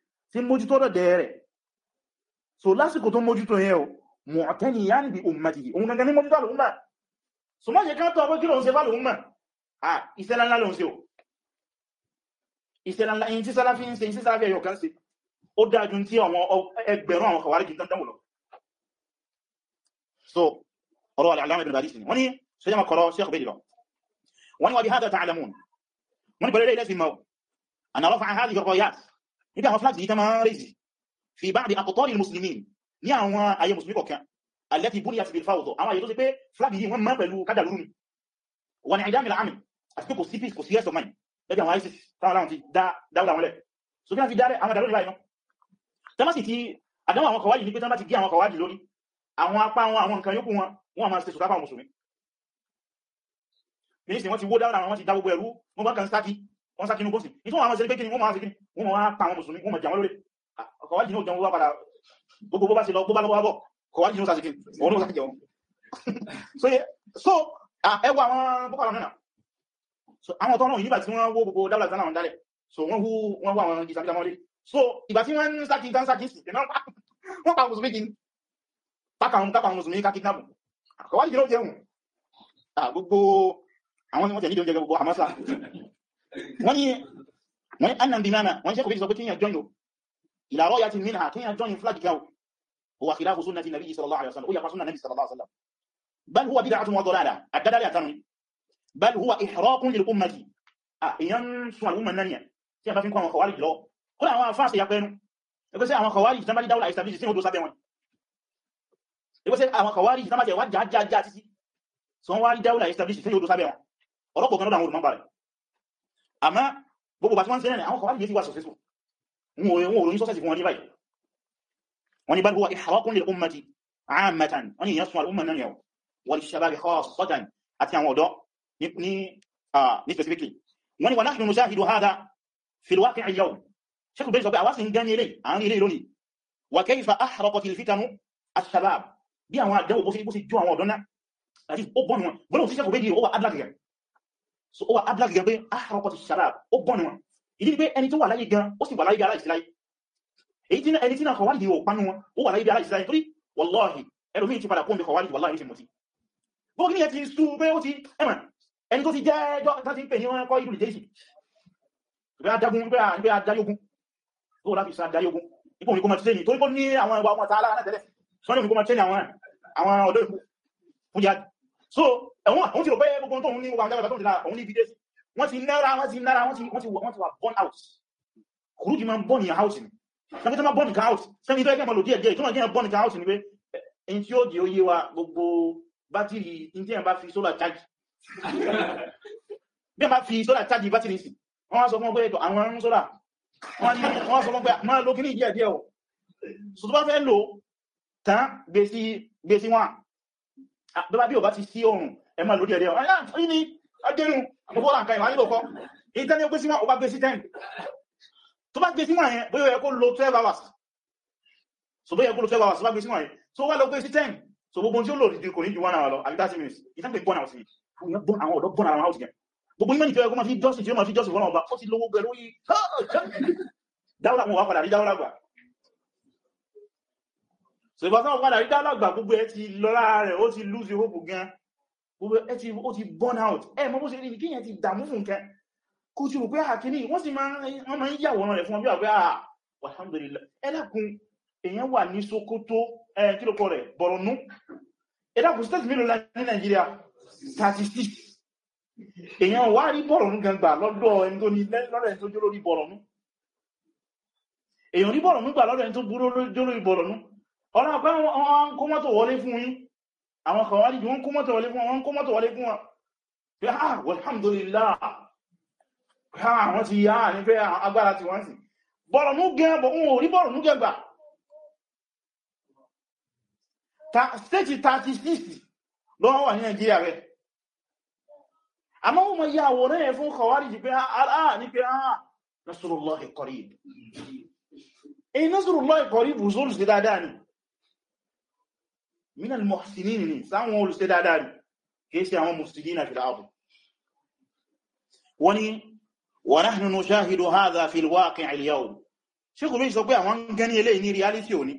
tí mójútó dọ̀dẹ̀ rẹ̀ so lásìkò tó mójútó yẹn o mọ̀tẹ́ni yá níbi ummatihi òun gangan ní mójútó alùmọ̀ so má jẹ́ ká tọ́ ọgbẹ́ kí lòun ṣe fálùmọ̀ à iṣẹ́ ńlá lòun ṣe o iṣẹ́ ńlá yìí tí sáláfí ń ṣe yìí tí sáláfí ẹ̀yọ̀ kan ṣe ó dájú tí àwọn ẹgbẹ̀rún àwọn so ọ̀rọ̀ alàmà ibn Badis ni wọ́n ni sọ́jà makọ̀rọ̀ sí ọkọ̀ bẹ́ẹ̀ lọ wọ́n ni wọ́n bí hádà ta'lamun wọ́n ni níbi àwọn flags yìí tán máa ń rèzì fi ba'di aqtari muslimin ní àwọn ayé musulmi kọ̀kan alẹ́tì bú ní àti bèèrè fáwọ̀tọ̀ àwọn ayé tó sì pé flag yìí wọ́n mọ́ pẹ̀lú kádàlú ni wọ́n ni ìdámìlà àmì àti pé kò sí peace kò sí ẹ̀sọ̀ mine lẹ́bí àwọn isis táwọn láwọn ti dáwọ́lá wọn lẹ̀ so bí wọ́n fi dáre àwọn dàlórí báyìí náà tẹ́mọ́ sì ti àdánwò àwọn kọwàájì ní pé tán bá ti dá gbogbo ẹ̀rú wọn bá kan sákì wọ́n sá kínú gósìn nítorí àwọn ṣẹlẹ́gbẹ́ kí ni wọ́n máa ṣe kí ni wọ́n máa pa àwọn mùsùlùmí wọ́n máa jà lórí kọ̀wàlì náà jẹun wá padà gbogbo bá ṣe lọ gbogbo lọ́wọ́ bọ̀ kọ̀wàlì náà sàṣekí òun náà wọ́n wó gbogbo àwọn ìsàkídà wọ́n tẹ̀ nídìí oúnjẹ gbogbo àmọ́sà wọ́n ní wọ́n ní annan dimana wọ́n ṣe kò fíjì sọ pé kíyàn join o ìlàrọ̀ ya ti ní ha kíyàn join flag gaw o wà kìlá fòsúnnà ti nàbí sallallahu alaihi wasallam ó àmá gbogbo bàtí wọ́n sẹ́rẹ̀ àwọn kọ̀wàá yìí wà sọ̀sẹ́sù wọn ò ròyìn sọ́sẹ́sì fún wọn ní báyìí wọ́n ni bá gbogbo ìhàwọ́kún lè ummati àmàtàn wọ́n ni ìyẹ́sùn al'umma náà yau wọ́n ni ṣàbábi khassatan àti àwọn ọ̀dọ́ ní specifically wọ́n ni wọ́n nahnu nushahidu hadha fil waqi'i al-yawm ṣekú bẹ́ẹ̀ sọ pé àwa sì ń gán ní ilé àárín ilé lónìí wa kayfa ahraqat al-fitanu ash-shabab bí àwọn àdẹ́wò bó sì jó àwọn ọ̀dọ́ náà àti ó bọ́nu wọn bọ́lọ̀ sí ṣekú bẹ́ẹ̀ so ó wà ablag gan pé ahọ́pọ̀ ti sàrà ó bọ́ ni wọn ìdí pé ẹni tó wà láyé gan ó sì wà láyé bí aláìsíláyé èyí tí ẹni tí náà kọ̀wàlìdì ò panu wọn ó wà láyé bí aláìsíláyé torí wọlọ́ọ̀hì ẹlòmí ti padà kóńbẹ̀ kọ̀wàlìdì wọláyé ti mọ̀tí bókí ní ẹ ti sú pé ó ti ẹmà ẹni tó ti jẹ́ ẹjọ́ tó ti ń pè ní wọn kọ́ ìdúlù jésì pé adágún pé adáyógún tó láti sá adáyógún ipò omi kó ma ti sẹ́yìn torí kó ní àwọn ẹwà ọmọ tààlà náà tẹ́lẹ̀ sọ́nà omi kó ma ti sẹ́yìn àwọn ọ̀dọ́ ìkú fún jáde so ẹ̀wọ̀n àwọn tí ó bẹ́yẹ gbogbo tóun ní wà gbẹ́gbẹ́ tóun ti lára òun ní ibi dé sí wọ́n ti nára wọ́n ti nára wọ́n ti wà born out kùrújì máa ń born in house ni sẹ́mi tó máa born in house sẹ́mi tó ẹgbẹ́ mọ̀ lòdí ẹgbẹ́ tó máa gẹ́ born in house ni pé ẹni tí ó jẹ́ oyé wa gbogbo bátìrì ní ẹ̀ bá fi solar charge bí ẹ bá fi solar charge bátìrì sí wọ́n sọ fún pé ètò àwọn ẹrún solar wọ́n sọ fún pé máa lókínì díẹ̀ díẹ̀ o sọ tó bá fẹ́ lò tán gbèsè wọn bọ́bá ah, bí ò bá ti sí oòrùn ẹ máa lórí ẹ̀rẹ́ ọ̀rẹ́ ní adẹ́rùn àpòpọ̀ àǹkà ìwà nílò kan èyí tẹ́ ní ó gbé sí wọn ó bá gbé sí 10 tó bá gbé sí wọn yẹn bóyá ẹ̀kọ́ lo 12 hours so bóyá ẹ̀kọ́ lo 12 hours tó bá gbé sí wọn yẹn so wá lọ gbé sí 10 so gbogbo tí ó lò dídí kò ní ju 1 hour lọ àbí 30 minutes ìtàn pé bọ́n àwọn sí àwọn ọ̀dọ́ bọ́n àwọn house yẹn gbogbo yín ìfẹ́ ẹ̀kọ́ máa so ìgbà táwọn padà rí dálàgbà gbogbo ẹ ti lọ́ra rẹ̀ ó ti lose hope gan gbogbo ẹ ti ó ti burn out ẹ mọ́ bó ṣe rí kíyàn ti dàmú fún kẹ kò ti rò pé àkíní wọ́n sì máa ń yàwòrán rẹ̀ fún ọbí àgbẹ́ àà alhamdulillah ẹlẹ́kùn èyàn wà ní Sokoto ẹ rẹ̀ Borno ẹlẹ́kùn state mélòó ní Nàìjíríà 36 èyàn wà rí Borno gangba lọ́dọ̀ ẹni tó ní lọ́dọ̀ ẹni tó ọ̀nà pé wọ́n kó mọ́tò wọlé fún yín àwọn kọwàrí jù wọ́n kó mọ́tò wọlé fún wọn kó mọ́tò wọlé fún wọn pé ha ah, walhamdulillah ha ah, wọ́n ti yá ní pé agbára ti wọ́n sí bọ̀rọ̀nú gẹ́gbọ̀ ohun orí bọ̀rọ̀nú gẹ́gbà stéètì 36 lọ́wọ́ wà ní Nàìjíríà rẹ̀ àmọ́ wọ́n mọ̀ yá àwòrán ah, ẹ̀ fún kọwàrí jù pé ha ní min al-muhsinin ni sáwọn olùṣe dáadáa ni kìí ṣe àwọn mufsidina fil ardi wọ́n ni wa nahnu nushahidu hadha fil waqi' al-yawm ṣíkù bí sọ pé àwọn gani ilé ní reality òní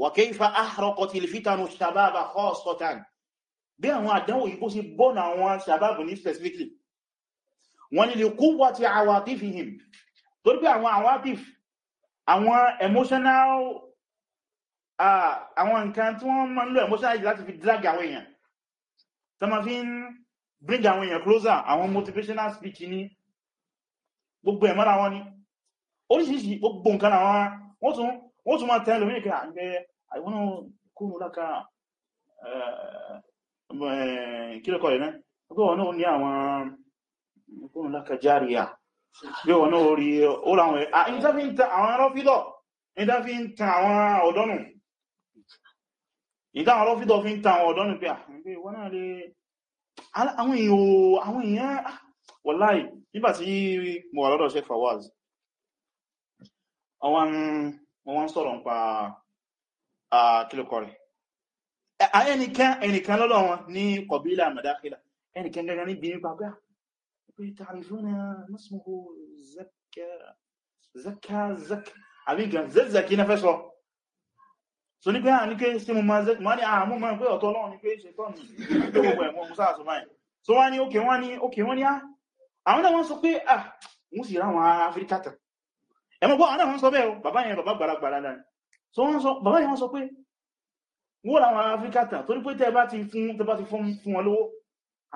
wa kayfa ahraqat al-fitanu ash àwọn nǹkan tí wọ́n máa ń lò emotionally láti fi drag àwọn èèyàn tó ma fi ń bring àwọn èèyàn closer àwọn motivational speech ní gbogbo ẹ̀mọ́ra wọn ni oríṣiríṣi gbogbo nǹkan àwọn wọ́n tún máa tẹ́lò mí kí àìwọ́nà kúrò láka kílẹ̀kọ̀ rẹ̀ náà wọ́n náà ní àwọn kúrò láka járíà bí wọ́n náà orí ó láwọn ẹ̀ ìdáwọn ọlọ́fíìdọ̀ fi ń ta àwọn ọ̀dọ́ ní pé ah, àwọn èèyàn wọ̀láì ah, nígbà tí mo wà lọ́dọ̀ Sheikh Fawaz wọ́n sọ̀rọ̀ ń pa kílùkọ́ rẹ̀ ẹnìkan lọ́dọ̀ wọn ní kọ̀bílà mẹ́dákílà ẹnìkan gẹ́gẹ́ ní bí nípa gbá pé tààrífúnà mọ́sùmọ́ zaka zaka àbí gan zẹ́zẹ̀kí so ní pé à ní pé sí mo máa zẹ́ ma ní àmú ma pé ọ̀tọ̀ Ọlọ́run ní pé ṣetán ní pé gbogbo ẹ̀mọ́ musa àṣọ báyìí so wá ní òkè wọ́n ní òkè wọ́n ní á àwọn náà wọ́n sọ pé à mú sí ra wọn Áfíríkà tẹ̀ ẹmọ́ bọ́ àwọn náà wọ́n sọ bẹ́ẹ̀ bàbá yẹn bàbá gbàlagbàla náà so wọ́n sọ bàbá yẹn wọ́n sọ pé wọ́n ra wọn Áfíríkà tẹ̀ torí pé tẹ́ bá ti fún tẹ́ bá ti fún fún wọn lówó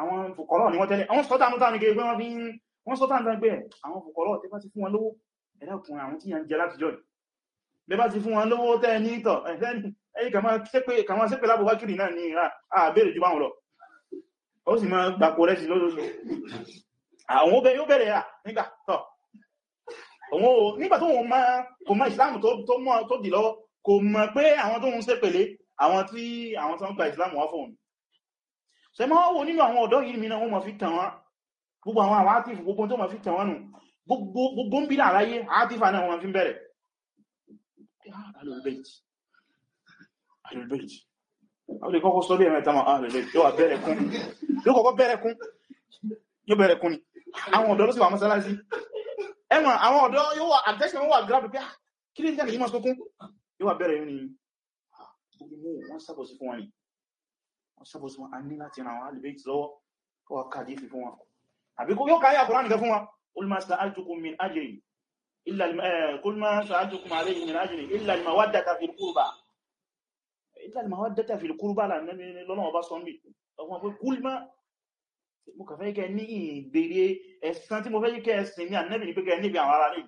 àwọn fòkọ́rọ̀ ni wọ́n tẹ́lẹ̀ àwọn sọ́tà nítà ní pé wọ́n fi bẹ́bá ti fún wọn lówó tẹ́ ní ìtọ̀ ẹ̀yí kàmá sépè lábúwákìrì náà ní àbẹ̀rẹ̀ jù báwọn lọ ó sì máa gbàpò rẹ̀ sí lóṣooṣù àwọn obẹ̀ yóò bẹ̀rẹ̀ à nígbà tọ̀ nígbà tó wọn máa kò mọ ìsìláàmù tó mọ́ tó dì lọ́wọ́ kò mọ̀ pé àwọn tó ń sépèlé àwọn tí àwọn tó ń gba ìsìláàmù wá fóun ṣe máa wò nínú àwọn ọ̀dọ́ yìí mìíràn wọ́n mọ̀ fi tàn wọ́n gbogbo àwọn àwọn átífù gbogbo tó mọ̀ fi tàn wọ́n nù gbogbo ń bí láàráyé átífà náà wọ́n fi bẹ̀rẹ̀ alùbẹ́t ah, alùbẹ́t àwọn ìkọ́kọ́ sọ bí ẹ̀rẹ́ tàmà alùbẹ́t yóò bẹ̀rẹ̀ kún yóò kọ́kọ́ bẹ̀rẹ̀ kún yóò bẹ̀rẹ̀ kún ni àwọn ọ̀dọ́ ló sì wà mọ́sálásí ẹ̀wọ̀n àwọn ọ̀dọ́ yóò wà àtẹ́sẹ̀ wọ́n wà gíráàbù pé ah, kí ní ìjáde yìí máa sókún yóò wà bẹ̀rẹ̀ yóò ah, ni wọ́n sábọ̀sí fún wọn ni wọ́n sábọ̀sí wọn a ní láti ran àwọn alùbẹ́t lọ́wọ́ wọ́n kàdí fi fún wọn àbíkú yóò káyà kùránì kẹ fún wọn olùmọ̀sá alùjùkú min ajẹ́yìn إلا الم كل ما ajrin عليه من mawaddata إلا qurba illa al-mawaddata fil qurba la nabi lọ́nà ọba sọ nbí ọgbọ́n pé ما mo kà fẹ́ kẹ ní ìbèrè ẹ̀sán tí mo fẹ́ kẹ ẹ̀sìn ní ànẹ́bì ní pé kẹ níbi àwọn ará rẹ̀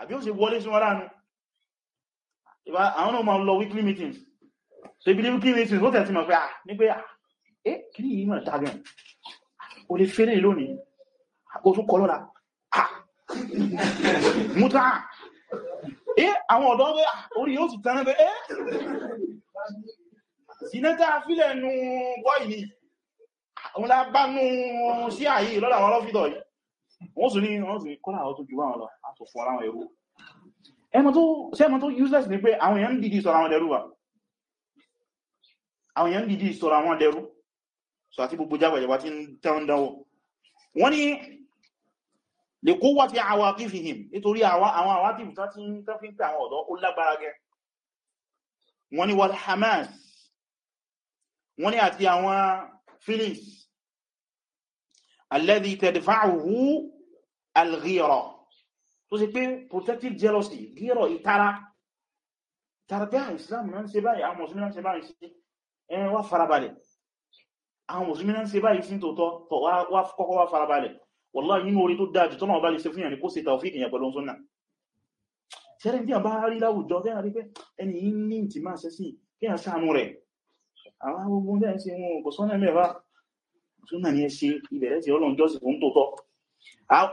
àbí ó sì wọlé sí wọn ránú ìbá àwọn náà máa lọ weekly meetings so ibi ní weekly meetings ó tẹ̀sí mọ̀ pé à ní pé à mútà ẹ́ àwọn ọ̀dọ́ wẹ́ ah, orí yóò ti tánà bẹ́ ẹ́ sinẹ́ta fílẹ̀ nù bọ́ì ni àwọn lábánú sí àyè lọ́dà àwọn ọlọ́fíìdọ̀ yìí wọ́n sì ní wọ́n sì kọ́lá àwọn tó jù wọ́n lọ àtò fún ara wọn ẹ̀rú ẹmọ tó useless ni pé àwọn èèyàn dìdí sọ́ra wọn dẹrú wa àwọn èèyàn dìdí sọ́ra wọn dẹrú so àti gbogbo jágbàjàgbà tí ń tẹ́ lè kó wá ti àwà kífihìm nítorí àwọn àwà tí mùsá tí ń tán fi ń pẹ àwọn ọ̀dọ́ ó lágbára gẹ wọ́n ni wal Hamas wọ́n ni àti àwọn Phillies alladhi tadfa'uhu al-ghira tó sì pé protective jealousy ghira ìtara tàbí Islam náà ń ṣe báyìí àwọn mùsùlùmí náà ń ṣe báyìí sí ẹn farabalẹ̀ àwọn mùsùlùmí náà ń ṣe báyìí sí tòótọ́ kọ́kọ́ wá farabalẹ̀ wallahi nínú orí tó dájú tọ́nà ọba lè ṣe fún yàn ní kó ṣe tàwọ́fíìkì yàn pẹ̀lú súnnà tẹ́rẹ tí a bá rí láwùjọ tẹ́rẹ rí pé ẹni yìí ní ìtì máa ṣe sí kí a ṣàánú rẹ̀ àwọn agbogbo tẹ́ ṣe wọn kò sọ́nà mẹ́fà súnnà ni ẹ ṣe ìbẹ̀rẹ̀ tí ọlọ́run jọ́sìn fún tòótọ́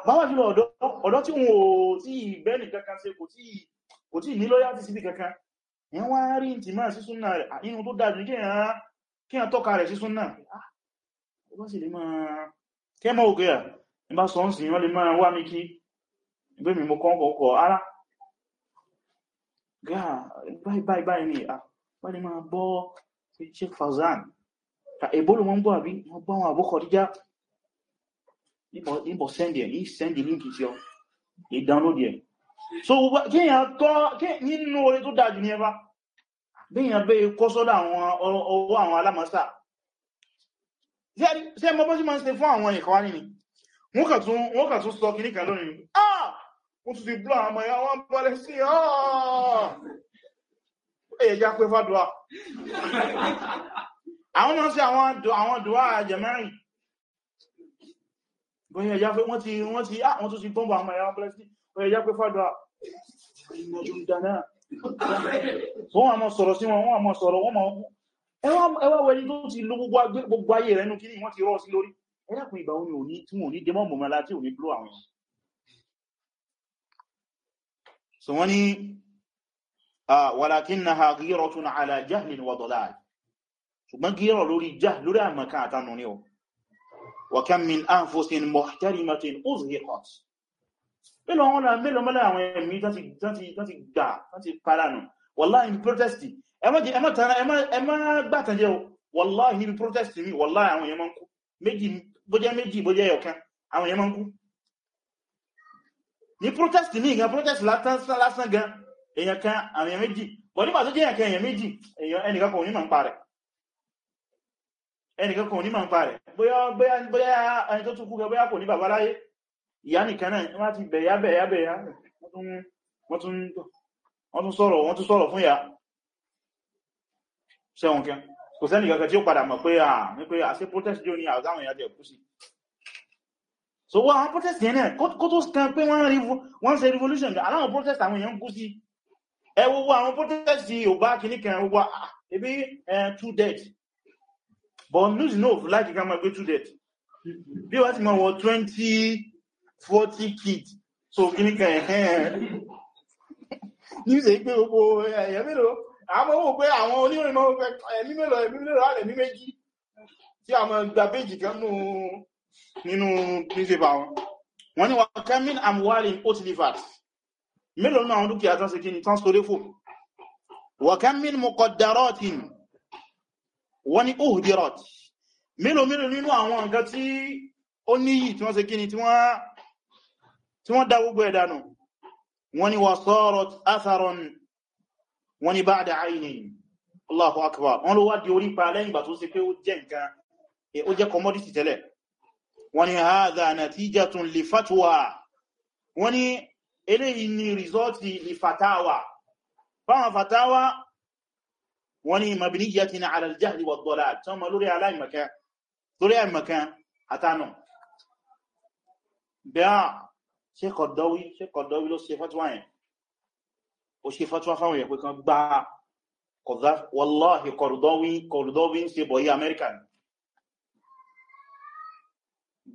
báwa jùlọ ọ̀dọ́ tí wọn ò tí bẹ́ẹ̀lì kankan ṣe kẹ́mọ̀ òkè nígbà sọ ń sìn wọ́n lè máa wá mi kí gbé mi mo kọ́kọ́ ara gáà báyìí báyìí ni à wọ́n lè máa bọ́ Sheikh Fawzan ka èbó ló wọ́n bọ́ àbí wọ́n bọ́ àwọn àbúkọ̀ díjá ní sẹ́ndì ẹ̀ so kíyàn tọ́ nínú orí tó dájú ní ẹbá bíyàn bẹ́ kọ́ sọ́dọ̀ àwọn ọwọ́ àwọn alámọ́sà sí ẹmọ bọ́ sí máa ń ṣe fún àwọn ìkọwárí ni wọ́n kà tún sọ kìíní kan lónìí ah wọ́n tún ti blọ́ àmọ́ ya wọ́n bọ́lẹ̀ sí ah èyẹ já pé fàdùá àwọn náà sí àwọn dùá jẹmẹ́rin bóyí ẹjá pé wọ́n ti wọ́n ti ah wọ́n tún ti tọ́mbà àmọ́ ya wọ́n bọ́lẹ̀ sí èyẹ já pé fàdùá wọ́n àmọ́ sọ̀rọ̀ sí wọn wọ́n àmọ́ sọ̀rọ̀ wọ́n mọ̀ ẹwà wẹni tó ti lú gbogbo ayé rẹ̀ nù kí ni wọ́n ti rọ́ sí lórí ẹ̀dàkùn ìgbà òní òní tí wọ́n ní dẹmọ́ mọ̀mọ́lá tí òní bló àwọn so wọ́n ni walakinnaha ghiratun ala jahlin wa dalal ṣùgbọ́n gírọ̀ lórí jahl lórí àmàkà àtànà ní ọ wa kam min anfusin muhtarimatin uzhiqat mélòó wọn náà mélòó bójẹ́ méjì bójẹ́ ẹ̀ọ̀kan àwọn èèyàn máa ń kú ní protest ní ìgan protest lásán gan èèyàn kan àwọn èèyàn méjì bọ̀ nígbà tó jẹ́ èèyàn kan èèyàn méjì ẹnìkan kò ní mọ̀ ń pa rẹ̀ ẹnìkan kò ní mọ̀ ń pa rẹ̀ bóyá ẹni tó tún kú gẹ bóyá kò ní bàbá láyé ìyá nìkan náà wọ́n ti bẹ̀yà bẹ̀yà bẹ̀yà wọ́n tún sọ̀rọ̀ fún ìyá ṣẹ́wọ̀n kan kò sẹ́ni kankan tí ó padà mọ̀ pé à ní pé àṣẹ protest jò ní àgbáwọn èèyàn jẹ́ kú sí so wọ́n àwọn protest yẹn náà kó tó stan pé wọ́n ṣe revolution aláwọn protest àwọn èèyàn kú sí ẹ gbogbo àwọn protest yìí ò bá kìíní kan gbogbo ebi two dead but news no láti kan máa gbé two dead bí wọ́n ti máa wọ twenty kids so kìíní kan ẹ̀hẹ́n news èyí pé gbogbo ẹ̀yẹ́ mélòó àwọn owó pé àwọn oníròyìn máa ń fẹ́ ẹ̀mí mélòó ẹ̀mí mélòó àlẹ̀mí méjì tí àwọn gba péjì kan nínú newspaper wọn wọ́n ní wọ́n kẹ́mìn àmúwárí oat livat mélòó náà àwọn dúkìá tán sí kí ni tán sórí fò wọ́n kẹ́mìn mọ́kọ̀dárọ́tìn wọ́n ní ohdirot mélòó mélòó nínú àwọn nǹkan tí ó níyì tí wọ́n ṣe kí ni tí wọ́n dá gbogbo ẹ̀dánù wọ́n ní wọ́n sọ́rọ̀ atharon wọ́n ní ba'da aynihi Allahu akbar wọ́n ló wá di orí pa lẹ́yìn ìgbà tó sì pé ó jẹ́ nǹkan e, ó jẹ́ commodity tẹ́lẹ̀ wọ́n ní hadha natijatun li fatwa wọ́n ní eléyìí ni rìsọ́ọ̀tì li fatawa fáwọn fatawa wọ́n ní mabniyatin ala al-jahli wa ad ó ṣe fatuwa fáwọn èèyàn pé kan gbá wọláhì Kordowi ń ṣe bọ̀yí amẹ́ríkà ní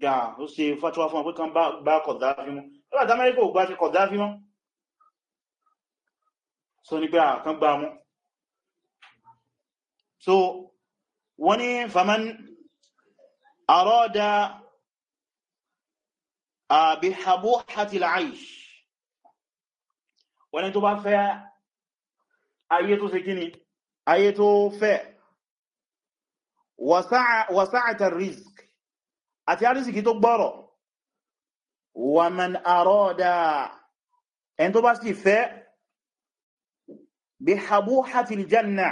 gbà ó ṣe fatuwa fáwọn pé kan gbá Kordafi mú lọ́dá amẹ́ríkà ò gbá ṣe Kordafi mọ́ so ní pé àkan gbá mú so wọ́n ní faman arada àbíhabó hatil wọ́n ni tó bá fẹ́ ayé tó ṣe kíni ayé tó fẹ́ wàsáàtà rizq àti àrísìkí tó gbọ́rọ̀ wà man àrọ́dà ẹni tó bá sì fẹ́ bí habú hatil janna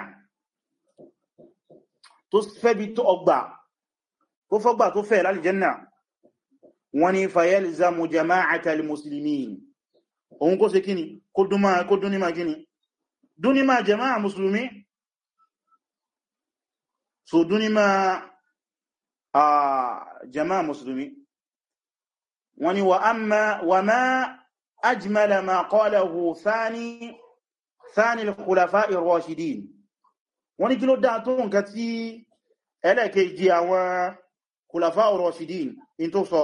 tó fẹ́ bí tó ọgbà tó fọ́gbà tó fẹ́ lálìjanna wọ́n ni fayelzamu jama'atal muslimin òun kó ṣe kíni kó dún ní máa kíni dún ní máa jẹmáà musulmi so dún ní máa jẹmáà musulmi wọ́n ni wa ma ajmala ma qalahu thani thani al-khulafa ar-rashidin wọ́n ni kí ló dá tó nǹkan tí ẹlẹ́kejì àwọn khulafa ar-rashidin in tó sọ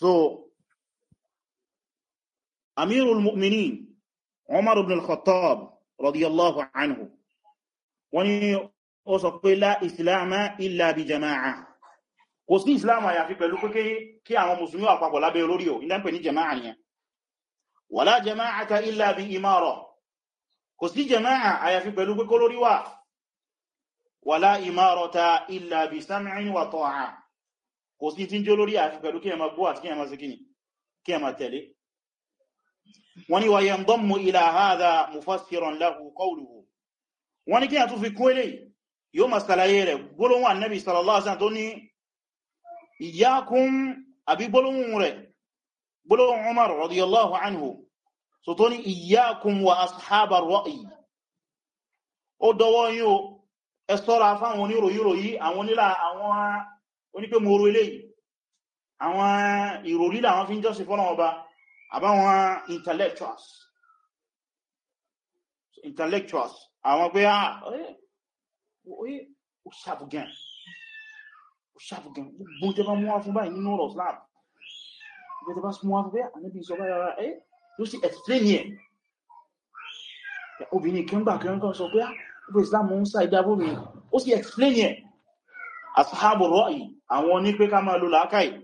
so amirul mu'minin umar ibn al-khattab radiyallahu anhu wọ́n ní ó sọ pé la islama illa bi jama'a kò sí islam àyàfi pẹ̀lú pé kí àwọn musulmi wà papọ̀ lábẹ́ olórí o ìdánpẹ̀ ní jama'a nìyẹn wala jama'ata illa bi imara kò sí jama'a àyàfi pẹ̀lú pé kó lórí wà wàlá ìmárọta ìlà bí sáàmìn wà tọ́ha kò sí tí ń jẹ́ lórí àti pẹ̀lú kí ẹ ma gbọ́ àti kí ẹ ma ṣe kíni kí ẹ ma tẹ̀lé wọ́n ní wáyé ǹdọ́mù ilá hadha mufassiran lahu qawluhu wọ́n ní kí a tún fi kún ilé yóò ma sàlàyé rẹ̀ gbólóhùn annabi sallallahu alaihi wasallam tó ní iyyakum àbí gbólóhùn rẹ̀ gbólóhùn umar radiyallahu àwọn ìròrí làwọn fi ń jọ́sìn fọ́nà ọba àbáwọn intellectuals intellectuals àwọn pé ah, oye ó o ó ṣàbùgán gbogbo jẹba mú wá fún báyìí nínú ọ̀rọ̀ Islam jẹba mú wá fún báyìí àníbi ìsọ báyìí rárá ẹ́ ló sì explain yẹ obìnrin kan gbà kan kan sọ pé ó ah, Islam ń sa ìdábò mi ó sì explain yẹ asahabu rọ́ì àwọn ní pé ká máa lo làákàyè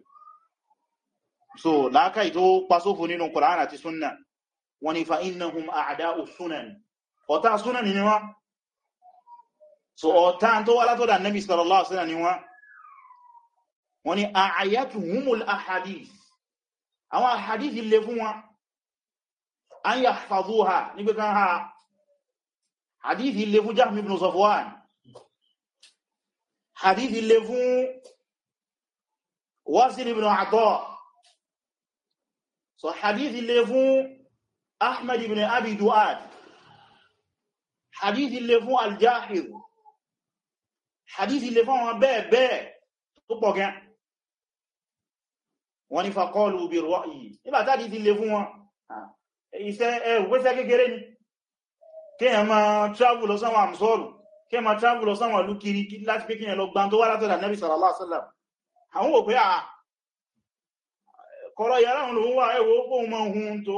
so láákàí tó pasófò nínú Qur'an àti súnnà wọ́n ni fa innahum a'da'u sunan ọ̀tá súnan ni wọ́n so ọ̀tá tó wá látọ̀dọ̀ Nabi sallallahu alaihi wasallam ni wọ́n wọ́n ni a'ayatuhumul ahadith àwọn ahadith ilé fún wọn an yahfazuha nígbé kan ha hadith ilé fún Jahm ibn Safwan hadith ilé fún Wasil ibn Ata so hadithi le fún ahmad ibn abi duad hadithi le fún al-jahir hadithi le fún àwọn bẹ́ẹ̀ bẹ́ẹ̀ tó pọ̀ gan wọ́n ni faqalu bi ra'yi nígbà tàbí ti le fún wọn iṣẹ́ ẹ̀wẹ́sẹ́ kékeré ni kí ẹ ma travel lọ sáwọn àmsọ́rù kí ma travel lọ sáwọn lúkiri láti pé kí ẹ lọ gbáǹtó wá látọ̀dà nabi sallallahu alaihi wasallam àwọn òpé àà ah, kọrọ yàrá ụlọ ụwa wà ẹwọ kóhun mọ́ ohun tó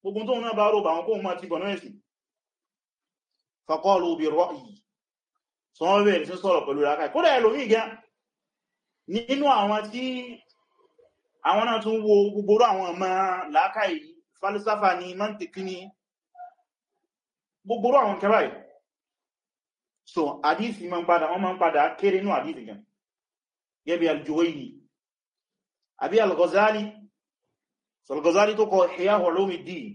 gbogbo tóhun na bá ụba àwọn kóhun ti bọ̀nà ẹ̀sìn faqalu bi ra'yi sọ wọ́n bẹ̀rẹ̀ sí pẹ̀lú ìrákà kódà n'inu gan nínú àwọn tí àwọn náà tún wo falisafa ni mantiki ni so ma ń padà ma ń padà kéré gan Al-Ghazali tó kọ Ihya Ulumuddin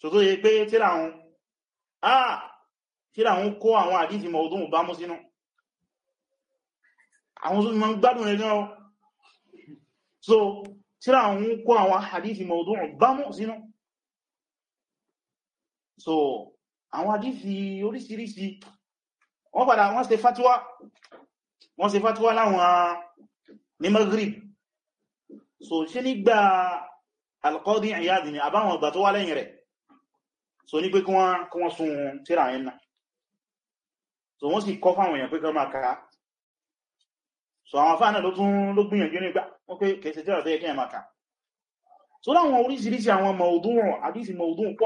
so tó yẹ pé tíra àwọn àà tíra àwọn kó àwọn hadisi mawdu'u bá mú sínú àwọn tó máa ń gbádùn rẹ̀ náà so tíra àwọn kó àwọn hadisi mawdu'u bá mú sínú so àwọn hadisi oríṣiríṣi wọ́n padà wọ́n ṣe fatuwa wọ́n ṣe fatuwa láwọn ní Maghrib so ṣe nígbà alqadi Iyad ni àbáwọn ìgbà tó wá lẹ́yìn rẹ̀ so ní pé kí wọ́n sun tíra yẹn náà so wọ́n sì kọ́ fáwọn èèyàn pé kan máa ká so àwọn afáà náà ló tún ló gbìyànjú ní gbà wọ́n pé kẹsẹ̀ tíra tó yẹ kí ẹ máa ká so láwọn oríṣiríṣi àwọn mọ̀ọ̀dúnrùn àdísì mọ̀ọ̀dúnrùn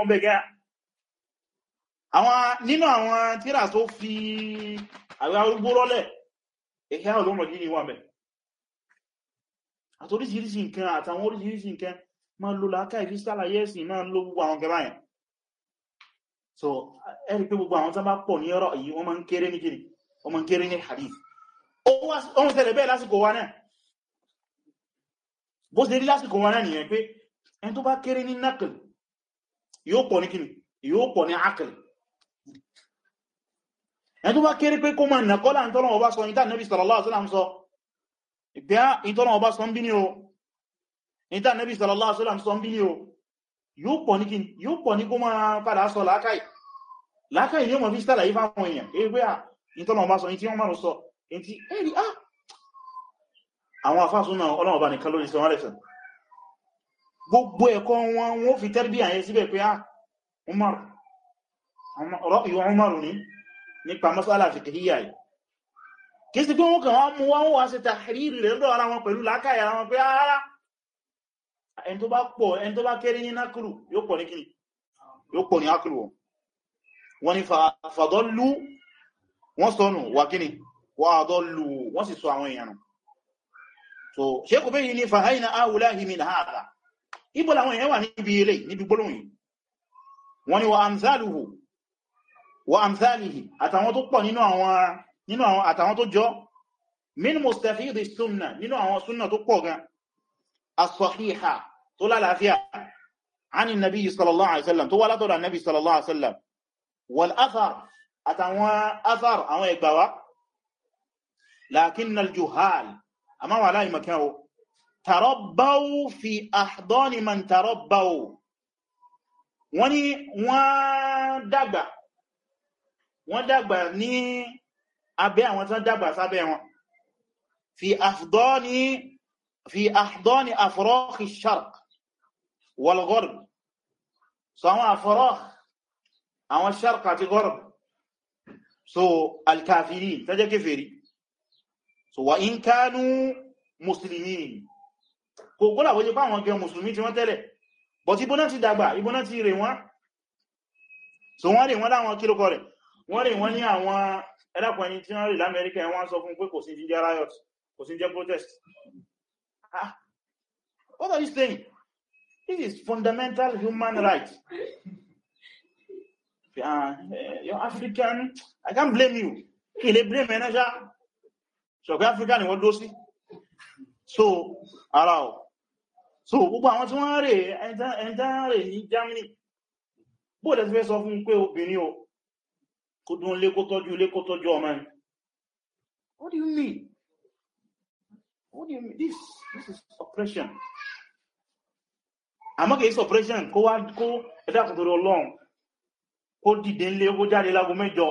àtoríṣìíríṣìí nǹkan àtàwọn oríṣìíríṣìí nǹkan ma ń lo láàká ìfíṣàlà yẹ́sì ma ń lo gbogbo àwọn kẹba so ẹni pé gbogbo àwọn tán bá pọ̀ ní ọ̀rọ̀ yìí wọ́n ma ń kéré ní kiri wọ́n ma ń kéré ní hadith ohun tẹ́lẹ̀ bẹ́ẹ̀ lásìkò wa náà bó ṣe rí lásìkò wa náà nìyẹn pé ẹni tó bá kéré ní nakl yóò pọ̀ ní kiri yóò pọ̀ ní akl ẹni tó bá kéré pé kó ma nàkọ́lá ń bí á ìtọ́nà ọba sọ ń bí ní o ìta nẹ́bí sallallahu alaihi wasallam sọ ń bí ní o yóò pọ̀ ní kó máa padà sọ láákàí láákàí yóò mọ̀ fi sítàlà yìí fáwọn èèyàn èyí pé à ìtọ́nà ọba sọ ìtí wọ́n márùn sọ ìtí ẹ̀rí á àwọn afásúnà ọlọ́ọ̀bá nìkan lórí sọ rẹ̀ sàn gbogbo ẹ̀kọ́ wọn wọ́n fi tẹ́rbí àyẹ síbẹ̀ pé á Umar ọ̀rọ̀ ìwọ̀n Umar ní nípa masala fìkìhíyà yìí kìí sí pé wọ́n kàn wọ́n mú wọ́n wá sí tàhírì rẹ̀ lọ́rọ̀ ara wọn pẹ̀lú lákàí ara wọn pé ara ah, ẹni tó bá pọ̀ ẹni tó bá kéré ní nákùrù yóò pọ̀ ní kíni yóò pọ̀ wọn ni fàdọ́lú wọ́n sọ́nù wà kíni wà àdọ́lú wọ́n sì sọ àwọn èèyàn so ṣe kò bẹ́yìn ní fàháìnà áwùlá hìmì nà ni wà nínú àwọn àtàwọn tó jọ min mustafidi sunna nínú àwọn sunna tó pọ̀ gan as-sahiha tó lálàáfíà ani nabi sallallahu alaihi wasallam tó wá látọ̀dọ̀ nabi sallallahu alaihi wasallam wal athar àtàwọn athar àwọn ẹgbàwá lakin al-juhal àmá wà láì makan o tarabbaw fi ahdani man tarabbaw wọ́n ni wọ́n dàgbà wọ́n dàgbà ní abẹ́ àwọn tán dàgbà sábẹ́ wọn fi ahdani fi ahdani afraq ash-sharq wal gharb so àwọn afraq àwọn sharq àti gharb so al-kafirin tẹ́jẹ́ kéfèrí so wa in kanu muslimin kò gbọ́lá wọ́n jẹ́ pá àwọn gẹ musulmi tí wọ́n tẹ́lẹ̀ but ibọ́nà ti dàgbà ibọ́nà ti rè wọ́n so wọ́n rè wọ́n láwọn kírókọ rẹ̀ wọ́n rìn wọ́n ní àwọn ẹ̀dàkùn ẹni tí wọ́n rìn l'Amẹ́ríkà wọ́n sọ fún pé kò sí jíjẹ́ riot kò sí jẹ́ protest ah what are you saying this is fundamental human right ah, eh, Your African I can't blame you kí lè blame ẹ̀ náà ṣá ṣọ̀kẹ́ Africa ni wọ́n dó sí so ara ọ̀ so gbogbo àwọn tí wọ́n rè ẹ̀dá rè ní Germany bóòdẹ̀ ti fẹ́ ni germany fún pé obìnrin o kó dún lé kó tọ́jú lé kó tọ́jú ọmọ ni what do you mean what do you mean this this is oppression àmọ́ kìí suppression kó wá kó ẹ̀dá àkùntorí ọlọ́run kó dìde ńlé kó jáde lágo mẹ́jọ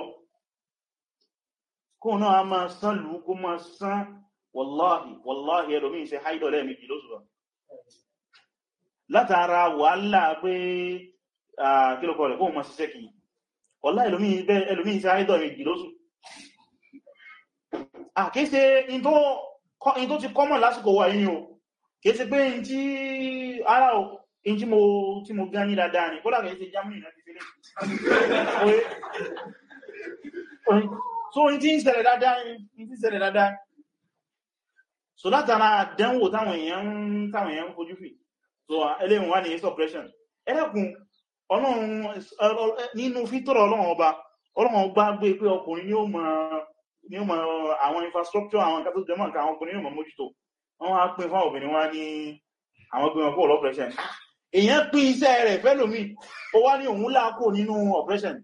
kó náà a máa sán lù kó máa sán wàláhì wàláhì ẹlòmí ìṣẹ́ haidọ̀ lẹ́ẹ̀mejì lóṣùwà látara wàhálà pé kílòkọ̀ rẹ̀ kó máa ṣiṣẹ́ kìí wọ́lá ẹlòmíì sí àìdọ̀ ìjì lóṣù àkéṣe in tó ti kọ́mọ̀ lásìkò wà yìí o kéṣe pé in tí ara o in tí mo gán ní dáadáa ní kódà kéṣe Germany náà ti fẹ́lẹ̀ so in tí ń ṣẹlẹ̀ dáadáa in tí ṣẹlẹ̀ dáadáa so látara dánwò táwọn èèyàn ń fojú fi so ẹlẹ́wọ̀n wá ní suppression ẹlẹ́kùn nínú fítọ̀rọ̀ ọlọ́run ọba ọlọ́run gbá gbé pé ọkùnrin ni ó mọ̀ àwọn infrastructure àwọn kátó jẹmọ́ nǹkan àwọn ọkùnrin yóò mọ̀ mójútó wọ́n á pín fáwọn obìnrin wá ní àwọn gbé wọn kó lọ́pẹ̀ṣẹ̀ èèyàn pín iṣẹ́ rẹ̀ fẹ́lòmí ó wá ní òun láàkó nínú operation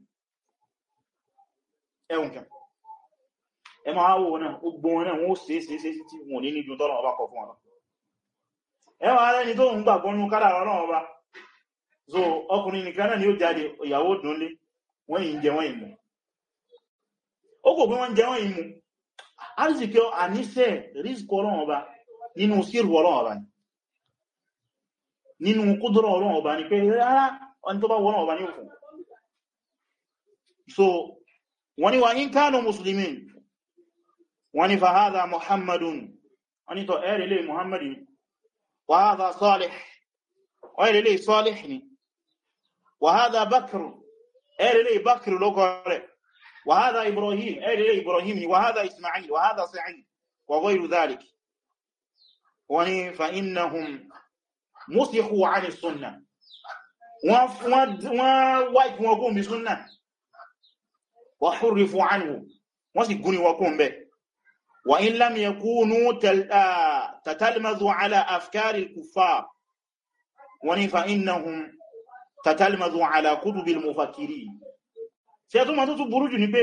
ẹ̀hùn kẹ ẹ máa wò náà gbogbo wọn náà wọ́n ṣe é ṣe é ṣe tí wọ́n ní níjú tọ́lọ̀ ọba kọ̀ fún ọ̀rọ̀ so ọkùnrin nke náà ni ó jáde ìyàwó dúnlé wọ́n yìí ń jẹ wọ́n yìí mú ó kò pé wọ́n jẹ wọ́n yìí mú ọba nínú sírù ọlọ́run ọba nínú ọba ni pé rárá ọni tó ọba ní so ni wà ní muhammadun ni wàhádà وهذا بكر اري بكر لوكره وهذا ابراهيم اري ابراهيم وهذا اسماعيل وهذا سعيد وغير ذلك وني فانهم مسخوا عن السنه ووايف وقوم بسنه وحرفوا عنه وسيقوني وقوم به وإن لم يكونوا تل... آ... تتلمذوا على أفكار الكفار وني فإنهم tàtàlìmọ̀dún àlàkúdù bí mọ̀fàkiri tí ẹ tó ma tó tó burú jù ní pé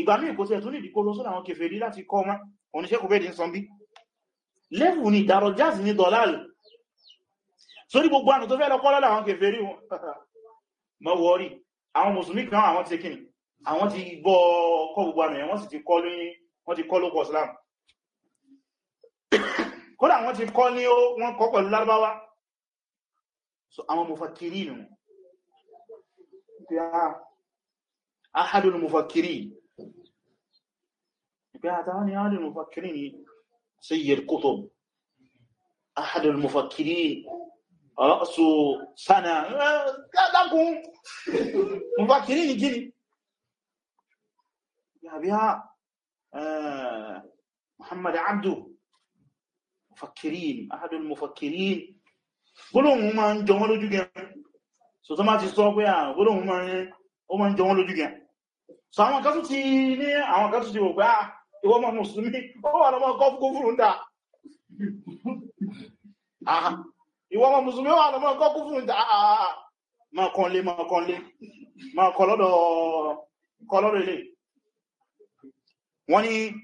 ìgbà mí ìkòsí ẹ̀tún nìdí kó lọ sọ́nà àwọn kèfèrí láti kọ́ ọmọ oníṣẹ́kù bẹ́ẹ̀dì ń sọ bí lẹ́fù ni ìdàrọ̀ jáàsì ní dọ̀láàlì sórí gbogbo ànà tó fẹ́ lọ kọ́lọ́lá àwọn kèfèrí wọn mọ́ wọ́rí àwọn mùsùlùmí kan àwọn ti kíni àwọn ti so àwọn mufakiri nù أحد المفكرين بيعتاني أحد المفكرين سي قطب أحد المفكرين رأس سنة مفكرين جيني يا بيا آه، محمد عبدو مفكرين أحد المفكرين قلوا ما أنجملوا جيجان so tó má ti sọ pé àgbọ́dọ̀ ah, ó ma ń jọ wọ́n lójú gan so àwọn kan tó ti ní àwọn kan tó ti wògbá ah, ìwọ́n ma mùsùlùmí ó wà lọ́mọ kọfúrú ń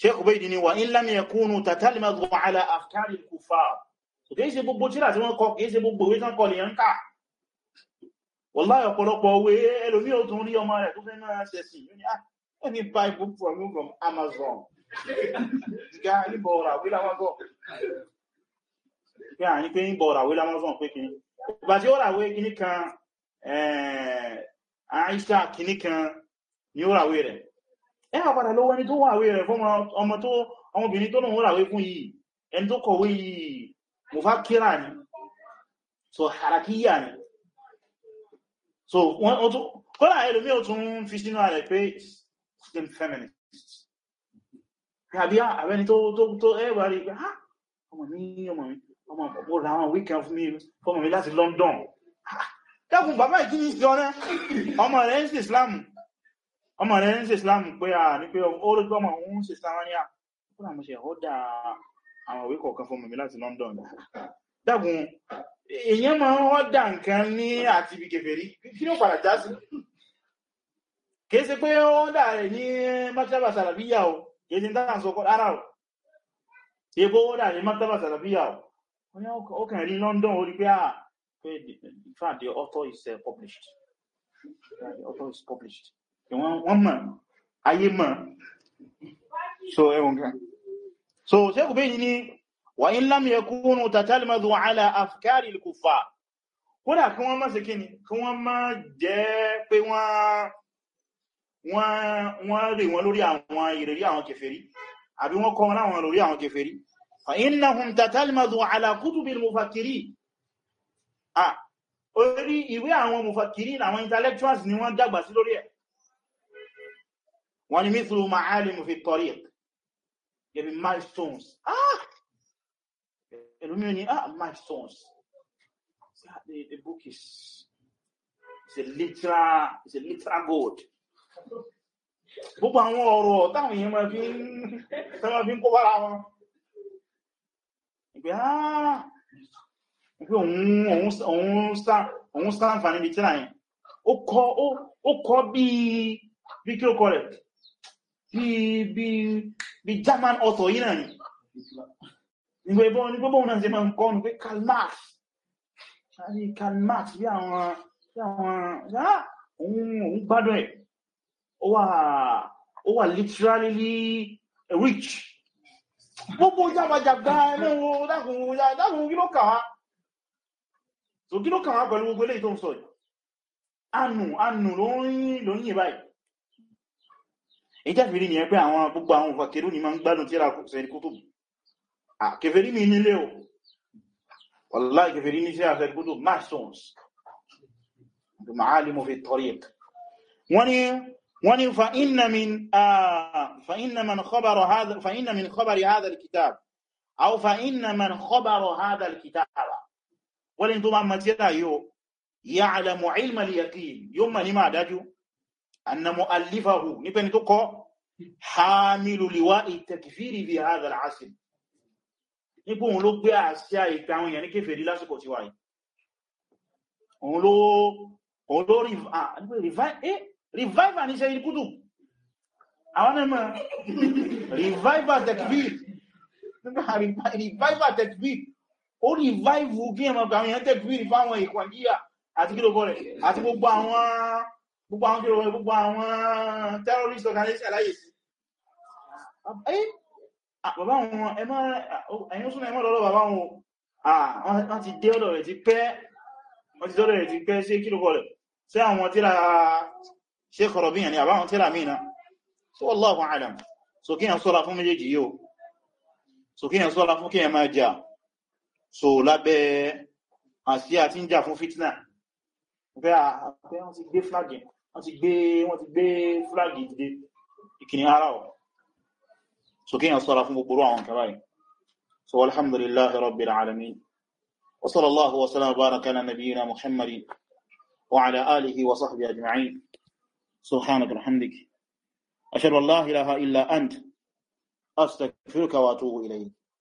sheikh ubaydi ni wa in lam yakunu tatalmadu ala afkari al-kuffar so kìí gbogbo tíra tí wọ́n kọ kìí ṣe gbogbo ìwé kọ lè yàn wallahi ọ̀pọ̀lọpọ̀ owó ẹlòmí ò tún rí ọmọ rẹ̀ tó fẹ́ náà ṣẹ̀sìn yóò ní ah let buy book from you from Amazon ga níbọ̀ ọ̀rà wí lámazọ́n pé à ní pé níbọ̀ ọ̀rà wí lámazọ́n pé kìíní ìgbà tí ọ̀rà wí kìíní kan eh, Aisha kìíní kan ni ó ràwé rẹ̀ ẹ àpàdà lọ́wọ́ ẹni tó wà wé rẹ̀ fún ọmọ tó ọmọbìnrin tó lọ́wọ́ ràwé fún yìí ẹni tó kọ̀wé yìí mufakira ni so harakiya ni so wọ́n ó tún kọ́lá ẹlòmí ó tún fi sínú rẹ̀ pé dem feminist àbí ah, àwẹ́ni tó tó tó ẹwà rí pé ah ọmọ mi ọmọ mi ọmọ ọ̀pọ̀ làwọn weekend fún mi fọmọ mi láti London ah, dákun bàbá ìkíní jọ rẹ ọmọ rẹ̀ ń ṣe Islam ọmọ rẹ̀ ń ṣe Islam pé à ah, ní pé ó ọmọ òun ṣe Islam ní à kó làmọ́ṣẹ̀ ó dà àwọn òwe kọ̀ọ̀kan dàgùn èyàn máa ń ọ́dà nǹkan ní àti ibi kèfèrí kí ní padà já sí kìí ṣe pé ọ́dà rẹ̀ ní mọ́tàbà sàràbíyà o kìí ṣe dáhà sọ ara o ebó ọ́dà rẹ̀ mọ́tàbà sàràbíyà o ó kàn rí London orí pé ah in fact the author is uh, published the author is published wọ́n mọ̀ ayé mọ̀ so ẹwọ̀n kan so ṣẹ́kù bẹ́yìn ni وإن لم يكونوا تتلمذوا على أفكار الكفار kódà kí wọ́n má ṣe kí ni kí wọ́n má jẹ́ pé wọ́n rí wọn lórí àwọn ìrírí àwọn kèfèrí àbí wọ́n kọ́ wọn lórí àwọn kèfèrí fa innahum tatalmadu ala mufakiri a orí ìwé àwọn mufakiri àwọn intellectuals ni wọ́n dàgbà sí lórí ẹ̀ wọ́n ni mithlu ma'alim fi tariq ah ẹlòmíràn ni ah my sons the, the book is it's a literal it's a literal gold gbogbo àwọn ọ̀rọ̀ táwọn èèyàn máa fi ń kó bára wọn ìgbé àà ah. ìgbé òun sáàfà níbi tíra yẹn ó kọ́ bí bí kí ó kọ́ rẹ̀ bí German author yìí náà ni nígbà ìbọn ní gbogbo náà ṣe máa ń kọ́ ní pé Karl Marx àti Karl bí àwọn òun gbádùn ẹ̀ ó wà literally rich gbogbo jàbàjàgbà ẹlẹ́wọ̀n dákùn kí so kí ló kà wá pẹ̀lú gbogbo eléyìí tó ń sọ yìí anù anù ló ń yìn báyìí ìjẹ́fìrí ni ẹgbẹ́ àwọn gbogbo àwọn òfàkèrú ni máa ń gbádùn tíra kò sẹ́ni kó tóbi Ah, keferi mini leo. والله كفريني فيها في الكتب محسوس معالم في الطريق وني وني فإن من آه فإن من خبر هذا فإن من خبر هذا الكتاب أو فإن من خبر هذا الكتاب ولن دوما متيرا يو يعلم علم اليقين يوم ما داجو أن مؤلفه نبني تقو حامل لواء التكفير في هذا العصر nípò òun ló gbé àṣíà ìpẹ àwọn èèyàn ní kèfèrí lásìkò tí wáyé òun ló òun ló revival ní ṣe eh, ikúdù àwọn ẹmọ revival tekbir revival tekbir ó revival kí ẹmọ àwọn èèyàn tekbir fáwọn ìkwàndíyà àti kí ló kọ́ rẹ̀ àti gbogbo àwọn gbogbo àwọn terrorist organization aláyèsí eh, bàbá wọn ẹ̀yìn súnmọ̀ ẹmọ́ lọ́lọ́ bàbá wọn wọ́n ti dé ọ̀dọ̀ rẹ̀ ti pẹ́ wọ́n ti dọ́dọ̀ rẹ̀ ti pẹ́ sí kílùkọ́ rẹ̀ sí àwọn tíra ṣe kọ̀rọ̀ bí yàní àbáwọn tíra mìína so Allahu alam so kí yàn sọ́ra fún méjèèjì yóò so kí yàn sọ́ra fún kí yàn máa jà so lábẹ́ àti àti ń jà fún fitna pé ah, ìkìnnì ara ọ̀ سكين صرف مقروع كباي سو الحمد لله رب العالمين وصلى الله وسلم وبارك على نبينا محمد وعلى آله وصحبه أجمعين سبحانك وبحمدك أشهد أن لا إله إلا أنت أستغفرك وأتوب إليك